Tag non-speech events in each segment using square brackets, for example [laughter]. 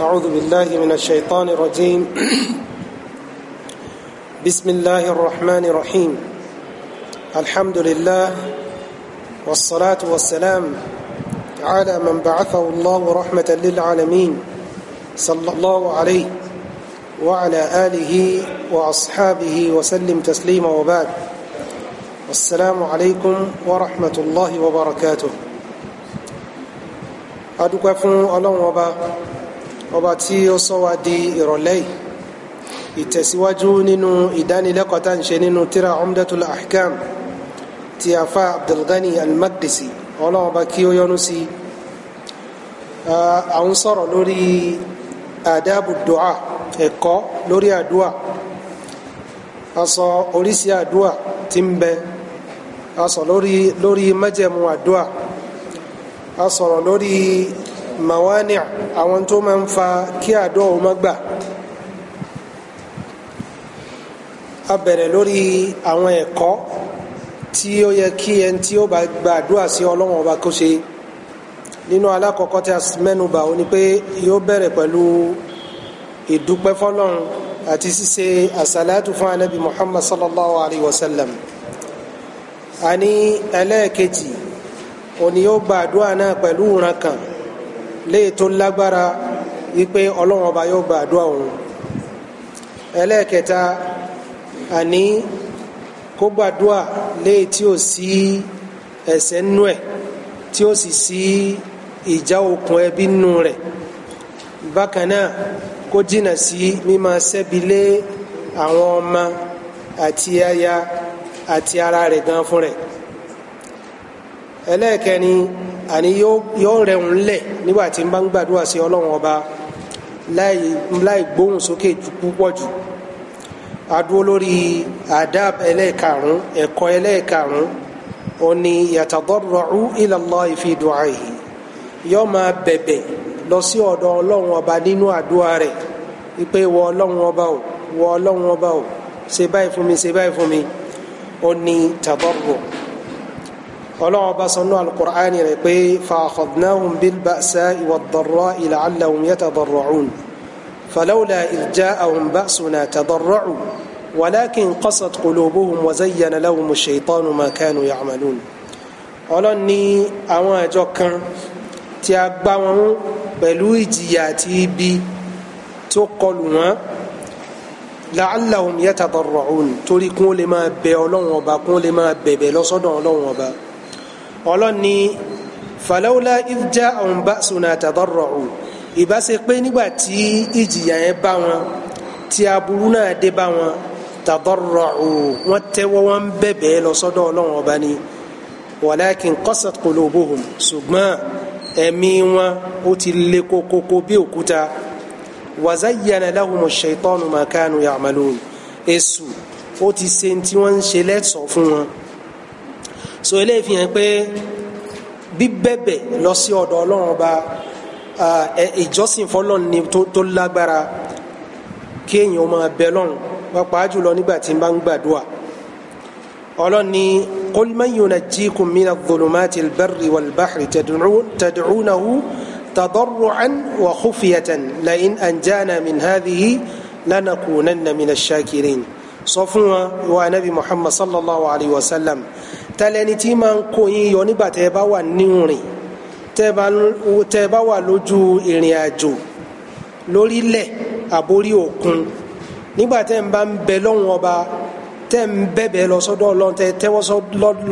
أعوذ بالله من الشيطان الرجيم بسم الله الرحمن الرحيم الحمد لله والصلاة والسلام على من بعثه الله رحمة للعالمين صلى الله عليه وعلى آله وأصحابه وسلم تسليما وبعد السلام عليكم ورحمة الله وبركاته أدوك فن الله وبركاته ọba tí ó sọ wa di ìrọ̀lẹ́ yìí ìtẹ̀síwájú nínú ìdánilẹ́kọ̀ọ́ tá à ń ṣe nínú tíra umdatul ahkam ti afa abdulgani almaqdisi ọlọ́run ọba kí ó yọ́nú sí i à ń sọ̀rọ̀ lórí adabu du'a ẹ̀kọ́ lórí àdúà a oríṣi àdúà tí ń bẹ a lórí lórí àdúà a lórí mawani àwọn tó máa ń fa kí àdó ọmọ gbà a bẹ̀rẹ̀ lórí àwọn ẹ̀kọ́ tí ó yẹ kí ẹni tí ó bá gba àdúrà sí ọlọ́wọ́n ọba kó ṣe nínú alákọ̀ọ́kọ́ tí a mẹ́nu bà ó ni pé yóò bẹ̀rẹ̀ pẹ̀lú ìdúpẹ́ fọlọ́run àti ṣíṣe àsàlátù fún anabi muhammad sallallahu alayhi wa sallam a ní ẹlẹ́ẹ̀kejì òní yóò gba àdúrà náà pẹ̀lú ìran léè tó lágbára wípé ọlọ́run ọba yóò gba àdúrà òun ẹlẹ́ẹ̀kẹta àní kó gbàdúrà léè tí ò sí ẹ̀ṣẹ̀ nínú ẹ̀ tí ó sì sí ìjà okùn ẹbí nínú rẹ̀ bákan náà kó jìnnà sí mímọ sẹ́bi lé àwọn ọmọ àti aya àti ara rẹ̀ gan fún rẹ̀ ẹlẹ́ẹ̀kẹ́ni àní yóò rẹ̀hùn lẹ̀ nígbà tí n bá ń gbàdúrà sí ọlọ́run ọba láì gbóhùn sókè púpọ̀ jù adúró lórí adab ẹlẹ́ẹ̀karùn ẹ̀kọ́ ẹlẹ́ẹ̀karùn òní yatadarra'u ila Allahi fi du'a'ihi yóò máa bẹ̀bẹ̀ lọ sí ọ̀dọ̀ ọlọ́run ọba nínú àdúrà rẹ̀ wípé wọ ọlọ́run ọba o wọ ọlọ́run ọba o ṣe báyìí fún mi ṣe báyìí fún mi òní tadarru' ọlọ́wọ́n bá sọnú alukur'ani rẹ̀ pé fàákọ̀dnáhùn bilbàṣá ìwàdọ̀rọ̀ ìlàlàhùn yẹtàdọ̀rọ̀hùn falawla ìjà àwọn bàṣùnà tàdọ̀rọ̀hùn wàlákin qasat qulubuhum wazayyana lahum shaitan ma kanu ya'malun ọlọ́n ní àwọn àjọ kan tí a gbá wọn pẹ̀lú ìjìyà àti ibi tó kọlù wọn la'allahum yẹtàdọ̀rọ̀hùn torí kún lè máa bẹ ọlọ́wọ́n ọba kún lè máa bẹ̀bẹ̀ lọ́sọ́dọ̀ ọlọ́wọ́n ọba ọlọ́ni falawla ifja ọ̀hún bá sùnà àtàdọ́rọ̀ ọ̀hún ìbá ṣe pé nígbà tí ìjìyà yẹn bá wọn tí aburú náà dé bá wọn tàdọ́rọ̀ ọ̀hún wọ́n tẹ́wọ́ wọn ń bẹ̀bẹ̀ lọ sọ́dọ̀ ọlọ́run ọba ni wàlákin qasat qulubuhum ṣùgbọ́n ẹ̀mí wọn ó ti le kókókó bí òkúta wàzáyàna láhùmù ṣaitọ́nù màkánu ya'malun èṣù ó ti ṣe tí wọ́n ń ṣe lẹ́sọ̀ fún wọn so eléyìí fi hàn pé bíbẹ̀bẹ̀ lọ sí ọ̀dọ̀ ọlọ́run ọba ìjọsìn fọlọ́run ni tó lágbára kí èèyàn máa bẹ lọ́run pàápàá jùlọ nígbà tí n bá ń gbàdúrà ọlọ́run ni qul man yunajjikum mina dhulumati albarri walbahri tad'unahu tadarru'an wa khufiyatan la'in anjana min hadhihi lanakunanna mina shakirin sọ fún wa wa anabi muhammad sallallahu alayhi wa sallam tẹlẹni tí máa ń kó yín yọ nígbà tẹ bá wà nínú rìn tẹ bá wà lójú ìrìn àjò lórílẹ̀ àbórí òkun nígbà tẹ ń bá ń bẹ lọ́hùn ọba tẹ ń bẹ̀bẹ̀ lọ sọ́dọ̀ ọlọ́run tẹ tẹ́wọ́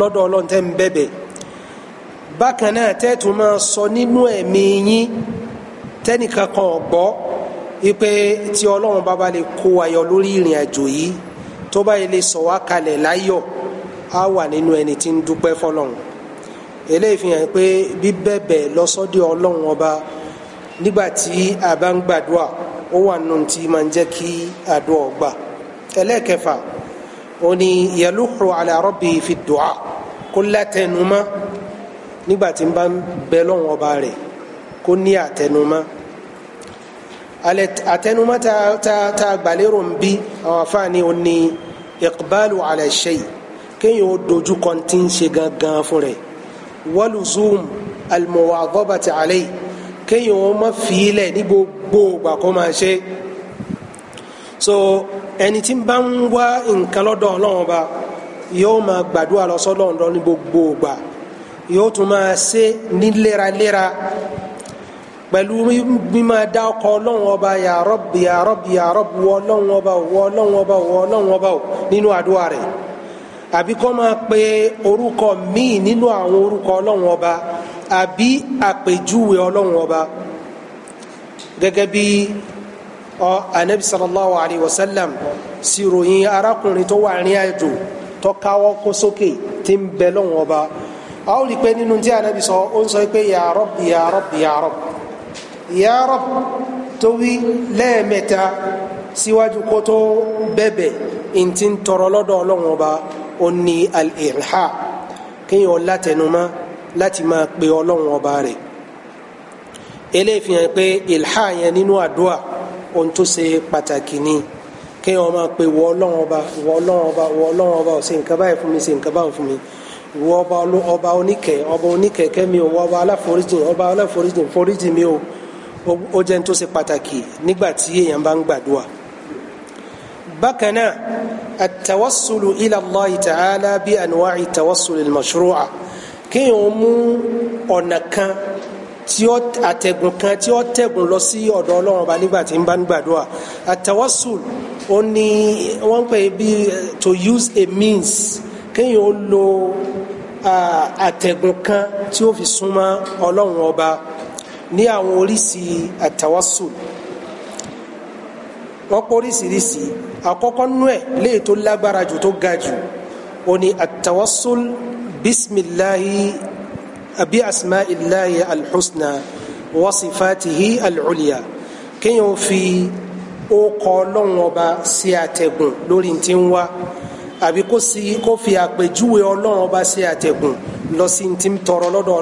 lọ́dọ̀ ọlọ́run tẹ ń bẹ̀bẹ̀ bákan náà tẹ tún máa sọ nínú ẹ̀mí yín tẹnìkan kan ọ̀gbọ́ ipe tí ọlọ́run bá ba lè kó wa lórí ìrìn àjò yìí tó bá yẹ lè sọ wá kalẹ̀ láyọ̀ á wà nínú ẹni tí ń dúpẹ́ fọlọ́run eléyìí fi hàn pé bíbẹ̀bẹ̀ lọ́sọ́dẹ̀ ọlọ́run ọba nígbà tí a bá ń gbàdúrà ó wà nù tí máa ń jẹ́ kí àdúrà gbà ẹlẹ́kẹfà ó ní yaluhu ala fi du'a kó látẹnumọ́ nígbà n bá ń bẹ lọ́wọ́n ọba rẹ̀ kó ní àtẹnumọ́ alẹ́ tá a gbàlérò ń bí àwọn afáàní ó ní iqbalu ala kéèyàn ó dojú kọ tí ń ṣe gangan fún rẹ̀ waluzum almuwadhabati alayhi kéèyàn ó má fiílẹ̀ ní gbogbo ìgbà kó máa ṣe so ẹni tí ń bá ń wá nǹkan lọ́dọ̀ ọlọ́run ba yóò máa gbàdúrà lọ sọ́dọ̀ ọ̀dọ́ ní gbogbo ìgbà yóò tún máa ṣe ní léraléra pẹ̀lú mímọ dá ọkọ ọlọ́run ọba ya Rabb ya wọ ọlọ́run ọba wọ ọlọ́run ọba wọ ọlọ́run ọba nínú àdúrà rẹ̀ àbí kọ́ máa pe orúkọ míì nínú àwọn orúkọ ọlọ́run ọba àbí àpèjúwe ọlọ́run ọba gẹ́gẹ́ bí ọ anabi sallallahu alayhi wa sallam sì ròyìn arákùnrin tó wà ní àjò tó káwọ́ kó sókè tí ń bẹ lọ́run ọba a ó rí i pé nínú tí anabi sọ ó ń sọ pé ya Rabb ya Rabb ya Rabb ya Rabb tó wí lẹ́ẹ̀mẹ́ta síwájú kó tó bẹ̀bẹ̀ ntí ń tọrọ lọ́dọ̀ ọlọ́run ọba ó ní al-ilha kéèyàn látẹnumọ́ láti máa pe ọlọ́run ọba rẹ̀ eléyìí fi hàn pé ilha yẹn nínú àdúrà ohun tó ṣe pàtàkì ni kéèyàn máa pe wọ ọlọ́run ọba wọ ọlọ́run ọba wọ ọlọ́run ọba ó ṣe nǹkan báyìí fún mi ṣe nǹkan báyìí fún mi ìwọ ọba ọba oníkẹ ọba oníkẹ kẹmi o ọba aláforíjìn ọba aláforíjìn foríjìn mi o ó jẹ́ ní tó ṣe pàtàkì nígbà tí èèyàn bá ń gbàdúrà bákan náà àtàwọ́sùlù ila Allahi ta'ala bí ànúwáì tàwọ́sùlù al-mashru'a kéèyàn mú ọ̀nà kan tí ó àtẹ̀gùn kan tí ó tẹ̀gùn lọ sí ọ̀dọ̀ ọlọ́run ọba nígbà tí ń bá ń gbàdúrà àtàwọ́sùlù ó ní wọ́n pè bí to use a means kéèyàn ó lo àtẹ̀gùn kan tí ó fi súnmọ́ ọlọ́run ọba ní àwọn oríṣi àtàwọ́sùlù wọ́n pọ̀ oríṣiríṣi àkọ́kọ́ nú ẹ̀ léè tó lágbára jù tó ga jù ó ní àtàwọ́sùl bísmìláhi àbí àsìmá ìláhi alḥusna wọ́sífàtìhí alùlíà kéèyàn fi ó kọ ọlọ́run ọba sí àtẹ̀gùn ti ń wá àbí kó sì kó fi àpèjúwe ọlọ́run ọba sí àtẹ̀gùn ti ń tọrọ lọ́dọ̀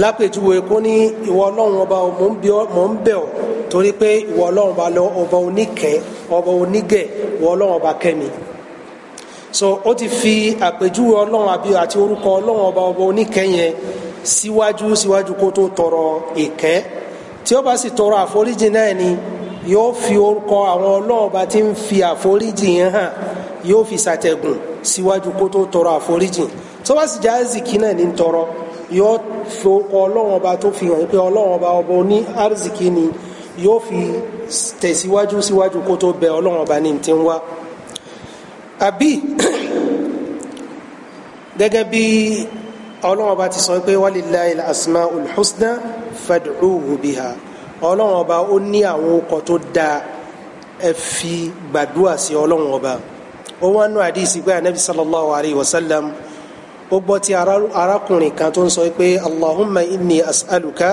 lápèjúwe kó ní ìwọ ọlọ́run ọba mò ń bẹ̀ ọ́ torí pé ìwọ ọlọ́run ọba lọ ọba oníkẹ́ ọba onígẹ̀ ìwọ ọlọ́run ọba kẹ́mi so ó ti fi àpèjúwe ọlọ́run àbí àti orúkọ ọlọ́run ọba ọba oníkẹ́ yẹn síwájú síwájú kó tó tọrọ ìkẹ́ tí ó bá sì tọrọ àforíjì náà ni yóò fi orúkọ àwọn ọlọ́run ọba tí ń fi àforíjì yẹn hàn yóò fi ṣàtẹ̀gùn síwájú kó tó tọrọ àforíjì tó bá sì já ẹ̀sìkì náà ní tọrọ yóò so kọ ọlọ́run ọba tó fi hàn pé ọlọ́run ọba ọba oní arziki ni yóò fi tẹ̀síwájú síwájú kó tó bẹ ọlọ́run ọba ní ti ń wá. àbí [clears throat] gẹ́gẹ́ bí ọlọ́run ọba ti sọ pé walillahil asmaul husna fad'uhu biha ọlọ́run ọba ó ní àwọn okọ̀ tó dáa ẹ fi gbàdúrà sí ọlọ́run ọba. ó wá nù àdìsí pé anabi sallallahu alayhi wa sallam ó gbọ́ tí arákùnrin kan tó ń sọ pé allahumma inni as'aluka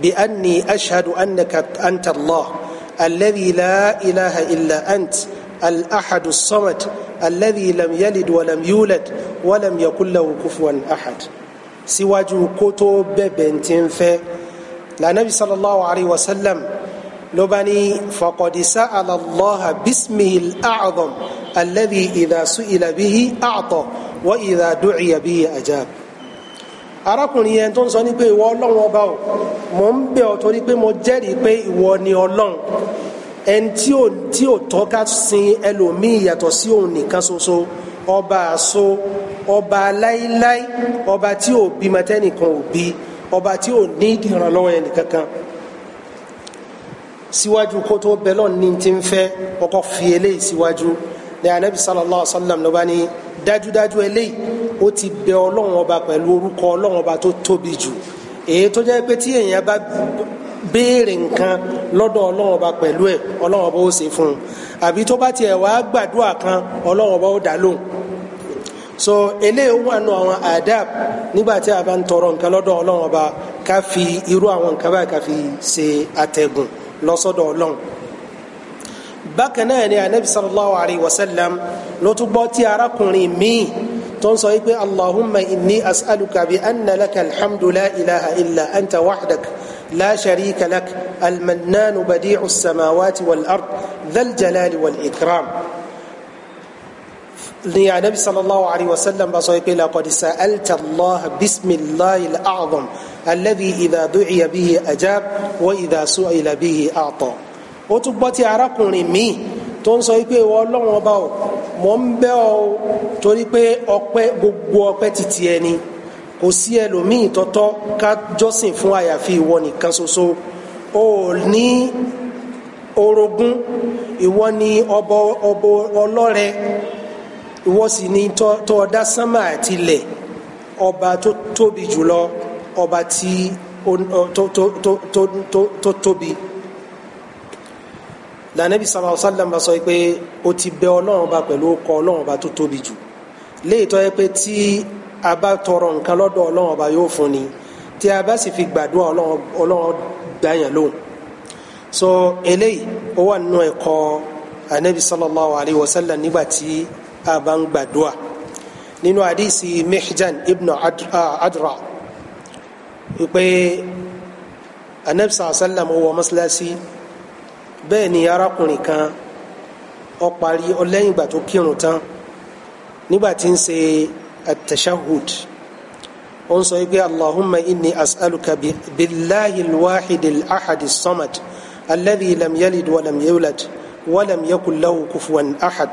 bi anni ashhadu annaka anta allah alladhi la ilaha illa ant al-ahadu as-samad alladhi lam yalid wa lam yulad wa lam yakun lahu kufuwan ahad síwájú kó tó bẹ̀bẹ̀ tí ń fẹ́ lànàbí sallallahu alayhi wa sallam ló bá ní faqadisa alallaha bismihi al alladhi idha su'ila bihi wa idha du'iya bihi ajab arákùnrin yẹn tó ń sọ ní pé ìwọ ọlọ́run ọba o mò ń bẹ̀ ọ́ torí pé mo jẹ́rìí pé ìwọ ni ọlọ́run ẹni tí ò tí ò tọ́ka sin ẹlòmíì yàtọ̀ sí òun nìkan ṣoṣo ọba àṣọ ọba láíláí ọba tí ò bí mẹtẹ́nìkan ò bí ọba tí ò ní ìrànlọ́wọ́ ẹnìkankan síwájú kó tó ní ti ń fẹ́ ọkọ̀ fi eléyìí síwájú. Si ní anabi sallallahu alayhi wa sallam ló bá ní dájúdájú eléyìí ó ti bẹ ọlọ́run ọba pẹ̀lú orúkọ ọlọ́run ọba tó tóbi jù èyí tó jẹ́ pé tí èèyàn bá béèrè nǹkan lọ́dọ̀ ọlọ́run ọba pẹ̀lú ẹ̀ ọlọ́run ọba ó ṣe fún un àbí tó bá tiẹ̀ wá gbàdúrà kan ọlọ́run ọba ó dá lóhùn so eléyìí wà nù àwọn adab nígbà tí a bá ń tọrọ nǹkan lọ́dọ̀ ọlọ́run ọba ká fi irú àwọn nǹkan báyìí ká fi ṣe àtẹ̀gùn lọ́sọ́dọ̀ ọlọ́run. bákan náà ni anabi sallallahu alayhi wa sallam ló tún gbọ́ tí arákùnrin míì tó ń sọ wípé allahumma inni as'aluka bi anna laka alhamdu la ilaha illa anta wahdak la sharika lak almannanu badi'u samawati wal ard dhal jalali wal ikram ni anabi sallallahu alayhi wa sallam bá sọ wípé laqad sa'alta allah bismillahi al-a'zam alladhi idha du'iya bihi ajab wa idha su'ila bihi a'ta. ó tún gbọ́ ti arákùnrin míì tó ń sọ wípé ìwọ ọlọ́run ọba o mò ń bẹ̀ ọ́ o torí pé ọpẹ́ gbogbo ọpẹ́ ti tiẹ̀ ni kò sí ẹlòmíì tọ́tọ́ ká jọ́sìn fún àyàfi ìwọ nìkan ṣoṣo o ní orogún ìwọ ni ọbọ ọbọ ọlọ́rẹ ìwọ sì ni tọ́ ọ dá sánmà àti ilẹ̀ ọba tó tóbi jùlọ ọba tí tó tóbi. To, to, to, to, to, to, to, to, lànàbí sàlàwọ sàlàmù sọ pé o ti bẹ ọlọ́run ba pẹ̀lú ọkọ ọlọ́run ba tó tóbi jù léètọ́ yẹ pé tí a bá tọrọ nǹkan lọ́dọ̀ ọlọ́run ba yóò fún ni tí a bá sì fi gbàdúrà ọlọ́run gbàyàn lóhùn so eléyìí ó wà nínú ẹ̀kọ́ anabi sallallahu alayhi wa sallam nígbà tí a bá ń gbàdúrà nínú àdìsí mihjan ibn ah, adra wípé anabi sallallahu alayhi wa sallam ó wọ mọ́sálásí bẹ́ẹ̀ ni arákùnrin kan ó parí ọlẹ́yìn ìgbà tó kírun tán nígbà tí ń ṣe at-tashahhud ó ń sọ wípé allahumma inni as'aluka billahi alwahid alahad as-samad alladhi lam yalid wa lam yulad wa kufuwan ahad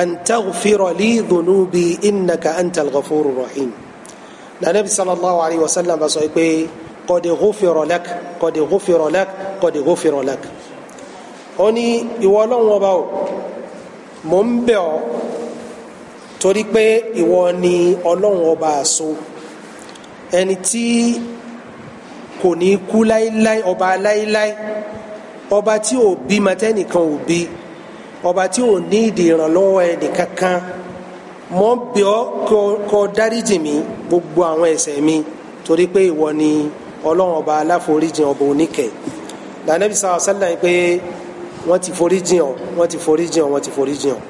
an taghfira innaka antal rahim nanabi sallallahu alayhi wa sallam bá sọ wípé qad ghufira lak qad ghufira lak ó ní ìwọ ọlọ́run ọba o mò ń bẹ̀ ọ́ torí pé ìwọ ni ọlọ́run ọba àṣọ ẹni tí kò ní kú láíláí ọba láíláí ọba tí ò bí matẹ́nìkan ò bí ọba tí ò ní ìdí ìrànlọ́wọ́ ẹnìkankan mò ń bẹ̀ ọ́ kó dáríjì mi gbogbo àwọn ẹ̀ṣẹ̀ mi torí pé ìwọ ni ọlọ́run ọba aláforíjì ọba oníkẹ́ lànà bí sáà sálà pé wọ́n ti forí jìn ọ́ wọ́n ti forí jìn ọ́ wọ́n ti forí jìn ọ́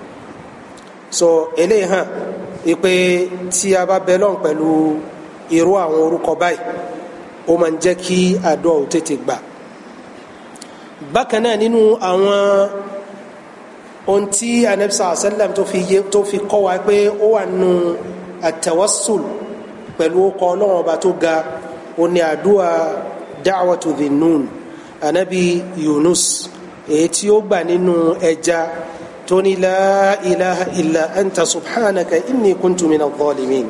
so eléyìí hàn pé tí a bá bẹ lọ́n pẹ̀lú irú àwọn orúkọ báyìí ó máa ń jẹ́ kí àdúrà ó tètè gbà bákan náà nínú àwọn ohun tí anabisa asalam tó fi yé tó fi kọ́ wa pé ó wà nù àtẹwọ́sùl pẹ̀lú ọkọ̀ ọlọ́run ọba tó ga ó ní àdúrà dáwàtú dhinun anabi Yunus èyí tí ó gbà nínú ẹja tó ní la ilaha illa anta subhanaka inni kuntu mina dhalimin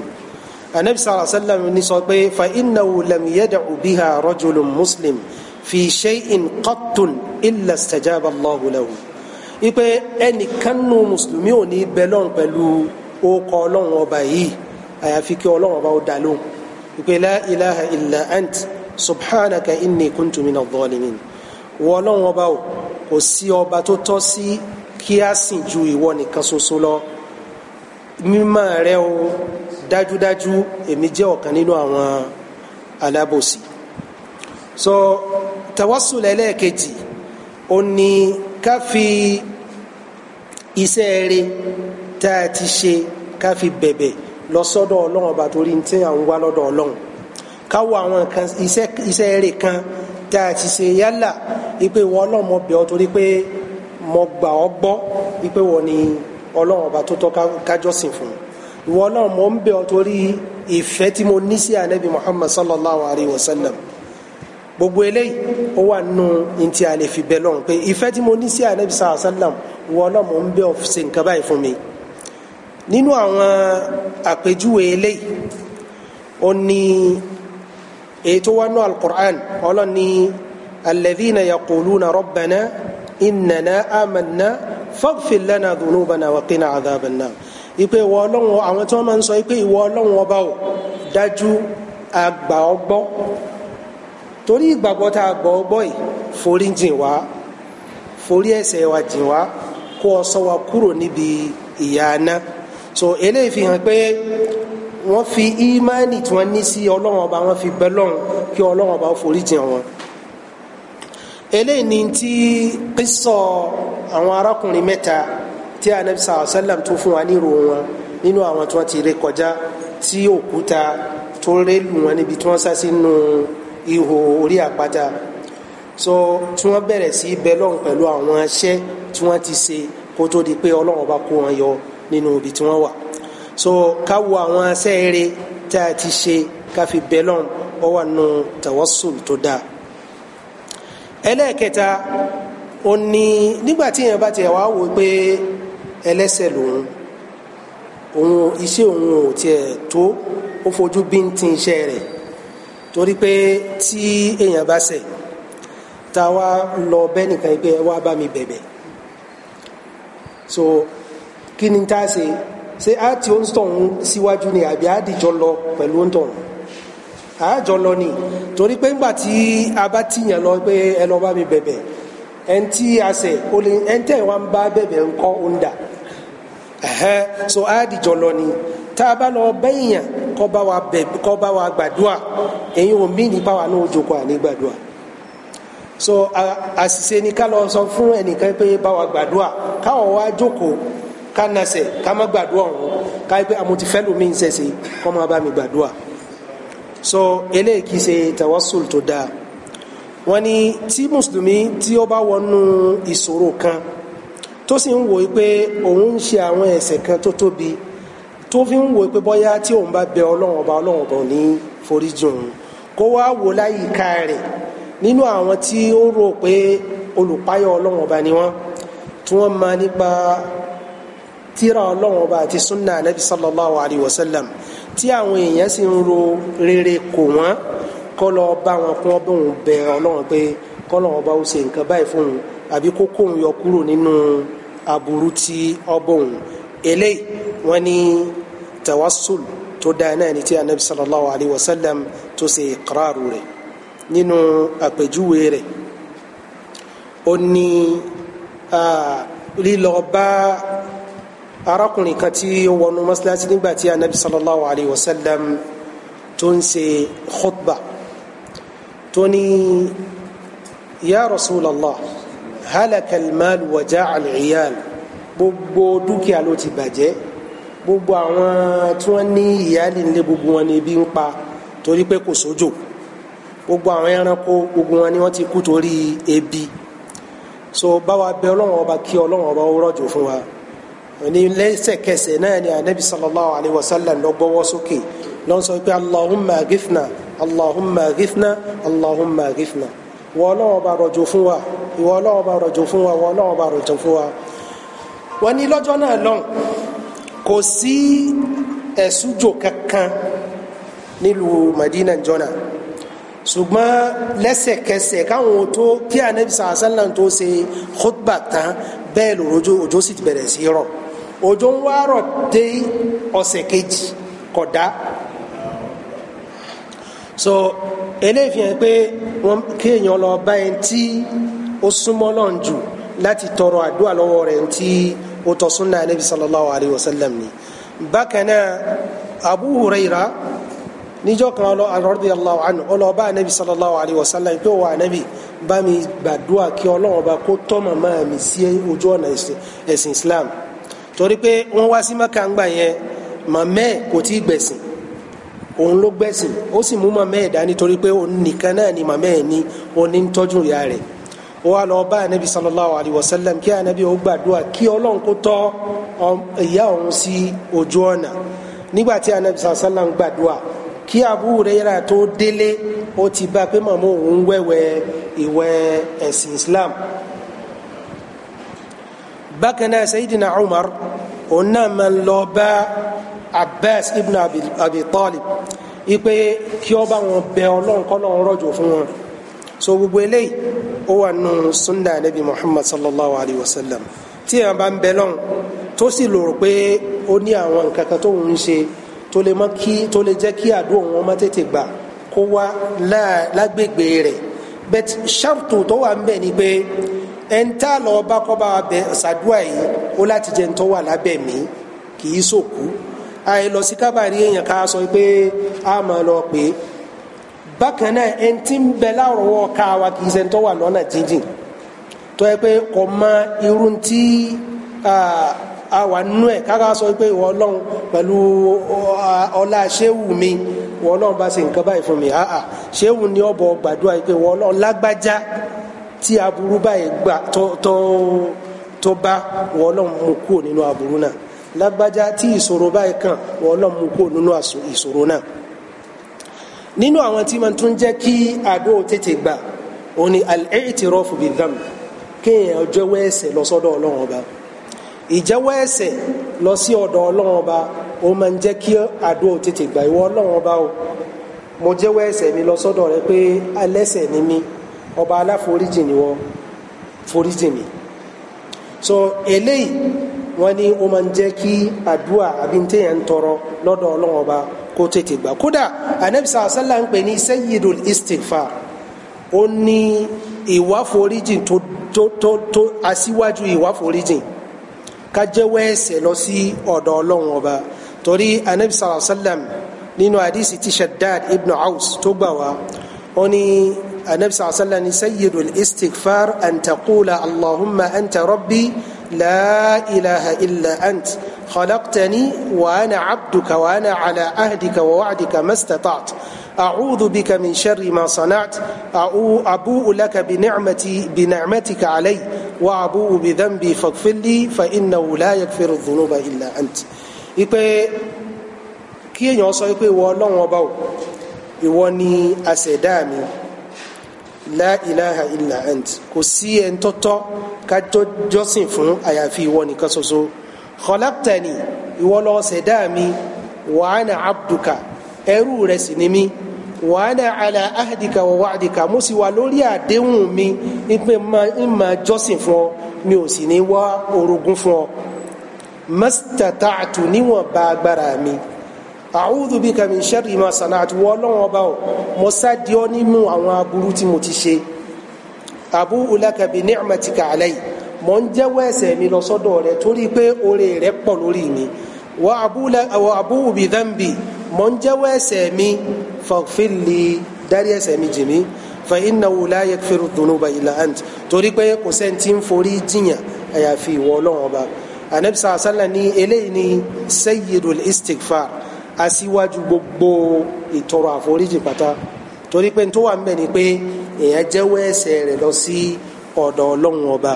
anabi sallallahu alayhi wa sallam ní sọ pé fa innahu lam yad'u biha rajulun muslim fi shay'in qattun illa istajaba allahu lahu ipe ẹnìkan nu mùsùlùmí ò ní bẹlọ́n pẹ̀lú orúkọ ọlọ́run ọba yìí àyàfi kí ọlọ́run ọba ó dá lóhùn ipe la ilaha illa subhanaka inni kuntu mina dhalimin ọba ò kò sí ọba tó tọ́ sí kí a sìn ju ìwọ nìkan ṣoṣo lọ mímọ́ rẹ o dájúdájú èmi jẹ́ ọ̀kan nínú àwọn alábòsí so tawassul ẹlẹ́ẹ̀kejì ó ní ká fi iṣẹ́ rere tá a ti ṣe ká fi bẹ̀bẹ̀ lọ sọ́dọ̀ ọlọ́run ọba torí tí à ń wá lọ́dọ̀ ọlọ́run ká wo àwọn iṣẹ́ rere kan tá a ti ṣe yálà ipe wọn Ọlọ́run mo bẹ̀ ọ́ torí pé mo gbà ọ́ gbọ́ ipe wọn ni Ọlọ́run ọba tó tọ́ kájọ́sìn fún ìwọ Ọlọ́run mo ń bẹ̀ ọ́ torí ìfẹ́ tí mo ní sí anabi Muhammad sallallahu alayhi wa sallam gbogbo eléyìí ó wà nù ntí a lè fi bẹ lọ́run pé ìfẹ́ tí mo ní sí anabi sallallahu alayhi wa sallam ìwọ Ọlọ́run ń bẹ̀ ọ́ ṣe nǹkan báyìí fún mi nínú àwọn àpèjúwe eléyìí ó ní èyí tó nù al ọlọ́ni. الذين يقولون ربنا إننا آمنا فاغفر لنا ذنوبنا وقنا عذاب النار ipe ìwọ Ọlọ́run àwọn tí wọn máa ń sọ ipe ìwọ Ọlọ́run ọba ò dájú àgbà ọgbọ torí ìgbàgbọ́ tá a gbọ́ ọgbọ́ yìí forí jìn wá forí ẹ̀ṣẹ̀ wa jìn wá kó o sọ wa kúrò níbi ìyà aná so eléyìí fi hàn pé wọ́n fi ímánì tí wọ́n ní sí Ọlọ́run ọba wọ́n fi bẹ lọ́run kí Ọlọ́run ọba forí jìn wọn eléyìí ni ti qissọ àwọn arákùnrin mẹ́ta tí anabi sàlọ sàlám tó fún wa nírò wọn nínú àwọn tí wọ́n ti ré kọjá tí òkúta tó ré lù wọn níbi tí wọ́n sá sínú ihò orí àpáta so tí wọ́n bẹ̀rẹ̀ sí bẹlọn pẹ̀lú àwọn iṣẹ́ tí wọ́n ti ṣe kó tó di pé Ọlọ́run bá kó wọn yọ nínú ibi tí wọ́n wà so ká wo àwọn iṣẹ́ eré tá a ti ṣe ká fi bẹlọn ọwọ nù tawassul tó dáa ẹlẹ́ẹ̀kẹta ó ní nígbà tí èèyàn bá tiẹ̀ wá wò pé ẹlẹ́sẹ̀ lòun òun iṣẹ́ òun ò tiẹ̀ tó ó fojú bíntín iṣẹ́ rẹ̀ torí pé tí èèyàn bá ṣẹ̀ tá wá lọ bẹ́ẹ̀ nìkan pé ẹ wá bá mi bẹ̀bẹ̀ so kí ni tá a ṣe ṣé a ti ó ń tọ̀hún síwájú ni àbí a dìjọ lọ pẹ̀lú ń tọ̀hún àjọ lọ ni torí pé ńgbà tí a bá tìyàn lọ pé ẹ bá mi bẹ̀bẹ̀ ẹn tí a ṣẹ̀ ó lè ẹn tẹ̀ wá ń bá bẹ̀bẹ̀ ńkọ́ ó ń dà so àdìjọ lọ ni tá a bá lọ bẹ́yìn kọ́ bá wa bẹ̀ kọ́ bá wa gbàdúà èyí ò mí ní báwa náà ó jókòó àní gbàdúà so àṣìṣe ni ká lọ sọ fún ẹnìkan pé báwa gbàdúà káwọn wá jókòó ká nasẹ̀ ká má gbàdúà ọ̀hún ká pé àmọ́ ti fẹ́ lómi ń ṣẹ̀ṣẹ̀ kọ́ máa bá mi gbàdúà so eléyìí kì í ṣe tawassul tó dáa wọ́n ní tí mùsùlùmí tí ó bá wọnú ìṣòro kan tó sì ń wò ó pé òun ń ṣe àwọn ẹ̀ṣẹ̀ kan tó tóbi tó fi ń wò pé bóyá tí òun bá bẹ ọlọ́run ọba ọlọ́run ọba ní foríjì kó wá wò láyìíká rẹ̀ nínú àwọn tí ó rò pé olùpáyọ̀ ọlọ́run ọba ni wọ́n tí wọ́n máa nípa tíra ọlọ́run ọba àti sunna anabi sallallahu alayhi wa sallam tí àwọn èèyàn sì ń ro rere kò wọ́n kọ́ lọ bá wọn kún ọbẹ̀ òun bẹ ọlọ́run pé kọ́ lọ́wọ́ ọba ó ṣe nǹkan báyìí fún un àbí kókó òun yọ kúrò nínú aburú tí ọbọ̀ òun eléyìí wọ́n ní tawassul tó dáa náà ní tí anabi sallallahu alayhi tó ṣe ìkírarù rẹ̀ nínú àpèjúwe rẹ̀ ó ní ah, lílọ bá arákùnrin kan tí ó wọnú mọ́sálásí nígbà tí anabi sallallahu alayhi wa sallam tó ń ṣe khutba tó ní ya rasulallah halaka almal wa ja'a al'iyal gbogbo dúkìá ló ti bàjẹ́ gbogbo àwọn tí wọ́n ní ìyáálé nílé gbogbo wọn ni ebi ń pa torí pé kò sójò gbogbo àwọn ẹranko gbogbo wọn ni wọ́n ti kú torí ebi so báwa bẹ̀ Ọlọ́run ọba kí Ọlọ́run ọba ó rọ̀jò fún wa ní lẹ́sẹ̀kẹsẹ̀ náà ni anabi sallallahu alayhi wa sallam lọ gbọ́wọ́ sókè lọ sọ pé allahumma ghifna allahumma ghifna allahumma ghifna ìwọ Ọlọ́run bá rọ̀jò fún wa ìwọ Ọlọ́run bá rọ̀jò fún wa ìwọ Ọlọ́run bá rọ̀jò fún wa. wọ́n ní lọ́jọ́ náà lọ́hùn kò sí ẹ̀sùjò kankan nílùú madina jọ́nà ṣùgbọ́n lẹ́sẹ̀kẹsẹ̀ káwọn tó kí anabi sàásánlá tó ṣe khutba tán bẹ́ẹ̀ lòròjò òjò sì ti bẹ̀rẹ̀ sí rọ̀ òjò ń wá rọ̀ dé ọ̀sẹ̀ kejì kódà so eléyìí fi hàn pé wọn kéèyàn lọ bá ẹni tí ó súnmọ́ lọ́n jù láti tọrọ àdúrà lọ́wọ́ rẹ̀ ẹni ó tọ́ súnà anabi sallallahu alayhi wa sallam ni bákan náà abu huraira níjọ́ kan ọlọ radiyallahu anu ọlọba anabi sallallahu alayhi wa sallam pé wà anabi bá mi gbàdúrà kí Ọlọ́run bá kó tọ́ màmá mi sí ojú ọ̀nà ẹ̀sìn islam torí pé wọ́n wá sí maka ńgbà yẹn màmẹ́ kò tí ì gbẹ̀sìn òun ló gbẹ̀sìn ó sì mú màmẹ́ ẹ̀ dání torí pé òun nìkan náà ni màmẹ́ ẹ̀ ní òun ní tọ́jú ìyá rẹ̀ ó wá lọ bá anabi sallallahu alayhi wa sallam kí anabi ó gbàdúrà kí ọlọ́run kó tọ́ ìyá òun sí ojú ọ̀nà nígbà tí anabi sallallahu alayhi wa sallam gbàdúrà kí Abu Hurairah tó délé ó ti bá pé màmá òun wẹ̀wẹ̀ ìwẹ̀ ẹ̀sìn Islam bákan náà sayidina umar òun náà máa ń lọ bá abbas ibn abi talib ipe kí ọba wọn bẹ ọlọ́run kọ́ lọ́run rọ̀jò fún wọn so gbogbo eléyìí ó wà nù sunna nabi muhammad sallallahu alayhi wa sallam tí èèyàn bá ń bẹ lọ́run tó sì lò rò pé ó ní àwọn nǹkan kan tó ń ṣe tó lè mọ kí tó lè jẹ́ kí àdúrà wọn má tètè gbà kó wá lágbègbè rẹ̀ bẹ́ẹ̀ ṣàrtò tó wà ń bẹ ni pé. ẹ̀ńtà lọ bá kọ́ba abẹ ṣàdúrà yìí ó láti jẹ́ lábẹ́ mi kì í sòkú lọ sí kábàárí èèyàn ká sọ pé a máa lọ pé bákan náà ẹni ń bẹ láwọ̀rọ̀wọ́ ká wa kì í ṣe ń lọ́nà jíjìn tó yẹ pé kò mọ irú tí a wà nínú ẹ̀ ká sọ pé ìwọ ọlọ́run pẹ̀lú ọlá ṣéwù mi ìwọ ọlọ́run bá ni gbàdúrà pé tí aburú báyìí gbà tó tó tó bá wọ́n lọ́n mú kúrò nínú aburú náà lágbájá tí ìṣòro báyìí kàn wọ́n lọ́n mú kúrò nínú ìṣòro náà nínú àwọn tí wọ́n tún jẹ́ kí àdó tètè gbà òun ni al-i'tirafu bi-dhanb kéèyàn jẹ́wọ́ ẹ̀ṣẹ̀ lọ sọ́dọ̀ Ọlọ́run ọba ìjẹ́wọ́ ẹ̀ṣẹ̀ lọ sí ọ̀dọ̀ Ọlọ́run ọba ó máa ń jẹ́ kí àdó tètè gbà ìwọ Ọlọ́run ọba o mo jẹ́wọ́ ẹ̀ṣẹ̀ mi lọ sọ́dọ̀ rẹ pé alẹ́ṣẹ̀ ni mí ọba aláforíjì ni wọ́n foríjì mi so eléyìí wọ́n ní ó máa ń jẹ́ kí àdúrà àbí téèyàn ń tọrọ lọ́dọ̀ ọlọ́run ọba kó tètè gbà kódà anabisa asala ń pè ní sayyidul istighfar ó ní ìwáforíjì tó tó tó tó aṣíwájú ìwáforíjìn ká jẹ́wọ́ ẹ̀ṣẹ̀ lọ sí ọ̀dọ̀ ọlọ́run ọba torí anabi sallallahu nínú hadisi ti shaddad ibn aus tó gbà wá ó ní anabi sàlá sàlá ni sayyidul istighfar an taqula allahumma anta rabbi la ilaha illa ant khalaqtani wa ana abduka wa ana ala ahdika wa wa'dika mastata'at. أعوذ بك من شر ما صنعت أبوء لك بنعمتي بنعمتك علي وأبوء بذنبي فاغفر لي فإنه لا يغفر الذنوب إلا أنت ipe kí èèyàn sọ pé ìwọ ọlọ́run ọba ò ìwọ ni àṣẹ̀dá mi la ilaha illa ant kò sí ẹni tọ́tọ́ ká jọ́sìn fún àyàfi ìwọ nìkan ṣoṣo khalaqtani ìwọ ló ṣẹ̀dá mi wa ana abduka ẹrú rẹ sì ni mí wa ana ala ahdika wa wa'dika mo sì wà lórí àdéhùn mi ipe ma jọ́sìn fún ọ mi ò sì ní wá orogún fún ọ mastata'tu níwọ̀n bá agbára mi a'udhu bika min sharri ma sana'tu wọ́n lọ́wọ́ bá o mo sáàdì ọ́ nínú àwọn aburú tí mo ti ṣe abu'u laka bi ni'matika alayya mo ń jẹ́wọ́ ẹ̀ṣẹ̀ mi lọ sọ́dọ̀ rẹ torí pé oore rẹ pọ̀ lórí mi wa abu'u bi dhanbi mo ń jẹ́wọ́ ẹ̀ṣẹ̀ mi faghfir li dárí ẹ̀ṣẹ̀ mi jì mí fa innahu la yaghfiru dhunuba illa ant torí pé kò sẹ́ni ń forí jiyàn àyàfi ìwọ Ọlọ́run ọba anabi sàlẹ̀ ní eléyìí ní sayyidul istighfar aṣíwájú gbogbo ìtọrọ àforíjì pátá torí pé tó wà ń bẹ̀ ni pé èèyàn jẹ́wọ́ ẹ̀ṣẹ̀ rẹ̀ lọ sí ọ̀dọ̀ ọlọ́run ọba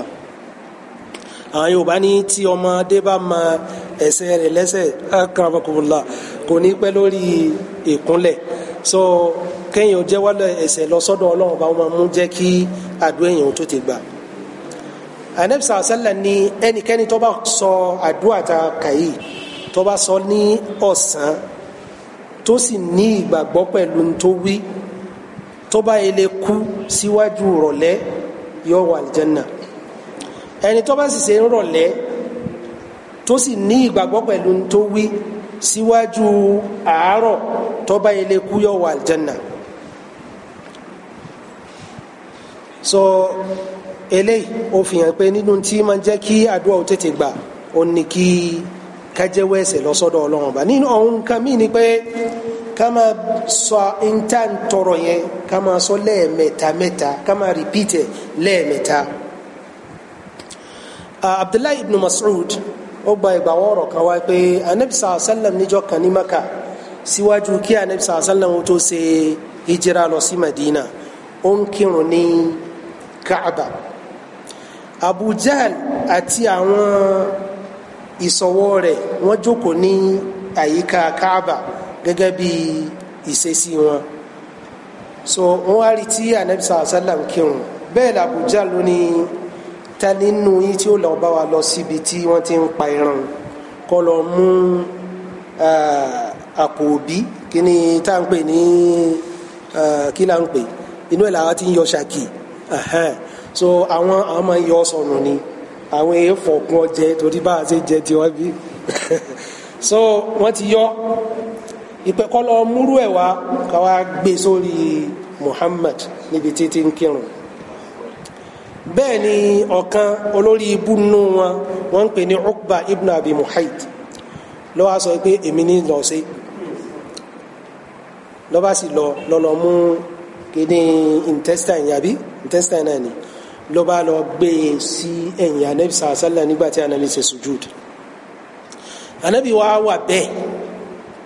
àwọn yorùbá ní tí ọmọdé bá mọ ẹ̀ṣẹ̀ rẹ̀ lẹ́ṣẹ̀ akarabakumula kò ní pẹ́ lórí ìkúnlẹ̀ so kéèyàn jẹ́wọ́ ẹ̀ṣẹ̀ lọ sọ́dọ̀ ọlọ́run ọba wọn máa mú jẹ́ kí àdúrà èèyàn tó ti gbà anabisa asala ni ẹnikẹ́ni tó bá sọ àdúrà ta kàyí tó bá sọ ní ọ̀sán tó sì ní ìgbàgbọ́ pẹ̀lú tó wí tó bá ilé kú síwájú rọ̀lẹ́ yóò wà àlìjẹ́nà ẹni tó bá sì ṣe ń rọ̀lẹ́ tó sì ní ìgbàgbọ́ pẹ̀lú tó wí síwájú àárọ̀ tó bá ilé kú yóò wà àlìjẹ́nà so eléyìí ó fi hàn pé nínú tí máa jẹ́ kí àdúrà ó tètè gbà ó ní kí kájẹ́wọ́ ẹ̀ṣẹ̀ lọ́sọ́dọ̀ ọlọ́run ọba nínú ọ̀hún kan mí ni pé ká máa sọ níta ń tọrọ yẹn ká máa sọ lẹ́ẹ̀mẹ́ta mẹ́ta ká máa rìpítẹ̀ lẹ́ẹ̀mẹ́ta. abdullahi ibn mas'ud ó gba ìgbàwọ́ ọ̀rọ̀ kan wá pé anabi sàlá sàlám kan ní maka síwájú kí anabi sàlá tó ṣe hijira lọ sí madina ó ń kírun ní kaaba abu jahl àti àwọn ìsọwọ́ rẹ̀ wọ́n jókòó ní àyíká káàbà gẹ́gẹ́ bí ìṣesí wọn so wọ́n á rí tí anabi sàlám kírun bẹ́ẹ̀ làbújá ló ní ta nínú yín tí ó lọ bá wa lọ síbi tí wọ́n ti ń pa irun kọ́ lọ mú àpò kí ni tá à ń pè ní kí là ń pè inú ẹ̀ làwọn ti ń yọ ṣàkì so àwọn àwọn máa ń yọ sọnù ni. so, àwọn èèyàn fọ̀kún ọjẹ torí bá a ṣe jẹ ti wọn bí [laughs] so wọ́n ti yọ ìpẹ́kọ́lọ múrú ẹ̀ wá gbé sórí Muhammad níbi títí ń kírun bẹ́ẹ̀ ni ọ̀kan olórí ibú nù wọn wọ́n ń pè ní Uqba ibn Abi Muhayt ló wá sọ pé èmi ní lọ sí lọ́ba sì lọ lọ́lọ́ mú kéde intestine yàbí intestine náà ni ló bá lọ gbé e sí ẹ̀yìn anabi sàásàlà nígbà anabi ṣe sujud anabi wa wà bẹ́ẹ̀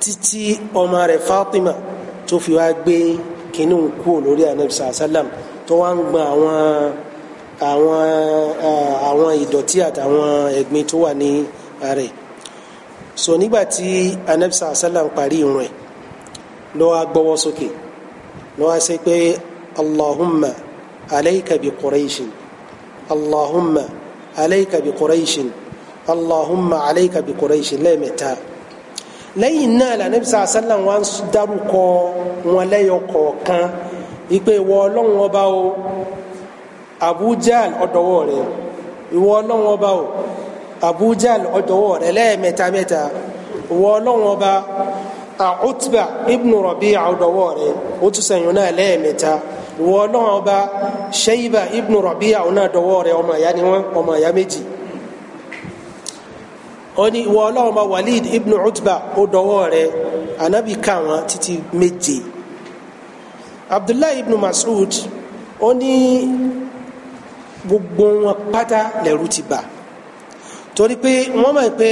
títí ọmọ rẹ̀ Fatima tó fi wá gbé kínní kú lórí anabi sàásàlà tó wá ń gbọn àwọn àwọn eh, àwọn ìdọ̀tí àtàwọn ẹ̀gbin tó wà ní rẹ̀ so nígbà anabi sàásàlà ń parí ìrun ẹ̀ ló gbọ́wọ́ sókè ló wá pé Allahumma. عليك بقريش اللهم عليك بقريش اللهم عليك بقريش لمتى lẹ́yìn náà la nabi sàá sálàm wa ń dárúkọ wọn lẹ́yọ kọ̀ọ̀kan ìpè ìwọ ọlọ́run ọba o abujal ọ̀dọ̀wọ́ rẹ ìwọ ọlọ́run ọba o abujal ọ̀dọ̀wọ́ rẹ lẹ́ẹ̀mẹ́ta mẹ́ta ìwọ ọlọ́run ọba àutba ibnu rabi'a ọ̀dọ̀wọ́ rẹ ó tún sẹ́yìn náà lẹ́ẹ̀mẹ́ta ìwọ ọlọ́run ọba Shayba ibn Rabi'a àwọn náà dọwọ́ rẹ̀ ọmọ ìyá ni wọ́n ọmọ ìyá méjì ó ní ìwọ ọlọ́run ọba Walid ibn Utba ó dọwọ́ rẹ̀ anabi ká wọn títí méje Abdullahi ibn Mas'ud ó gbogbo wọn pátá lẹ́rù ti bà torí pé wọ́n mọ̀ pé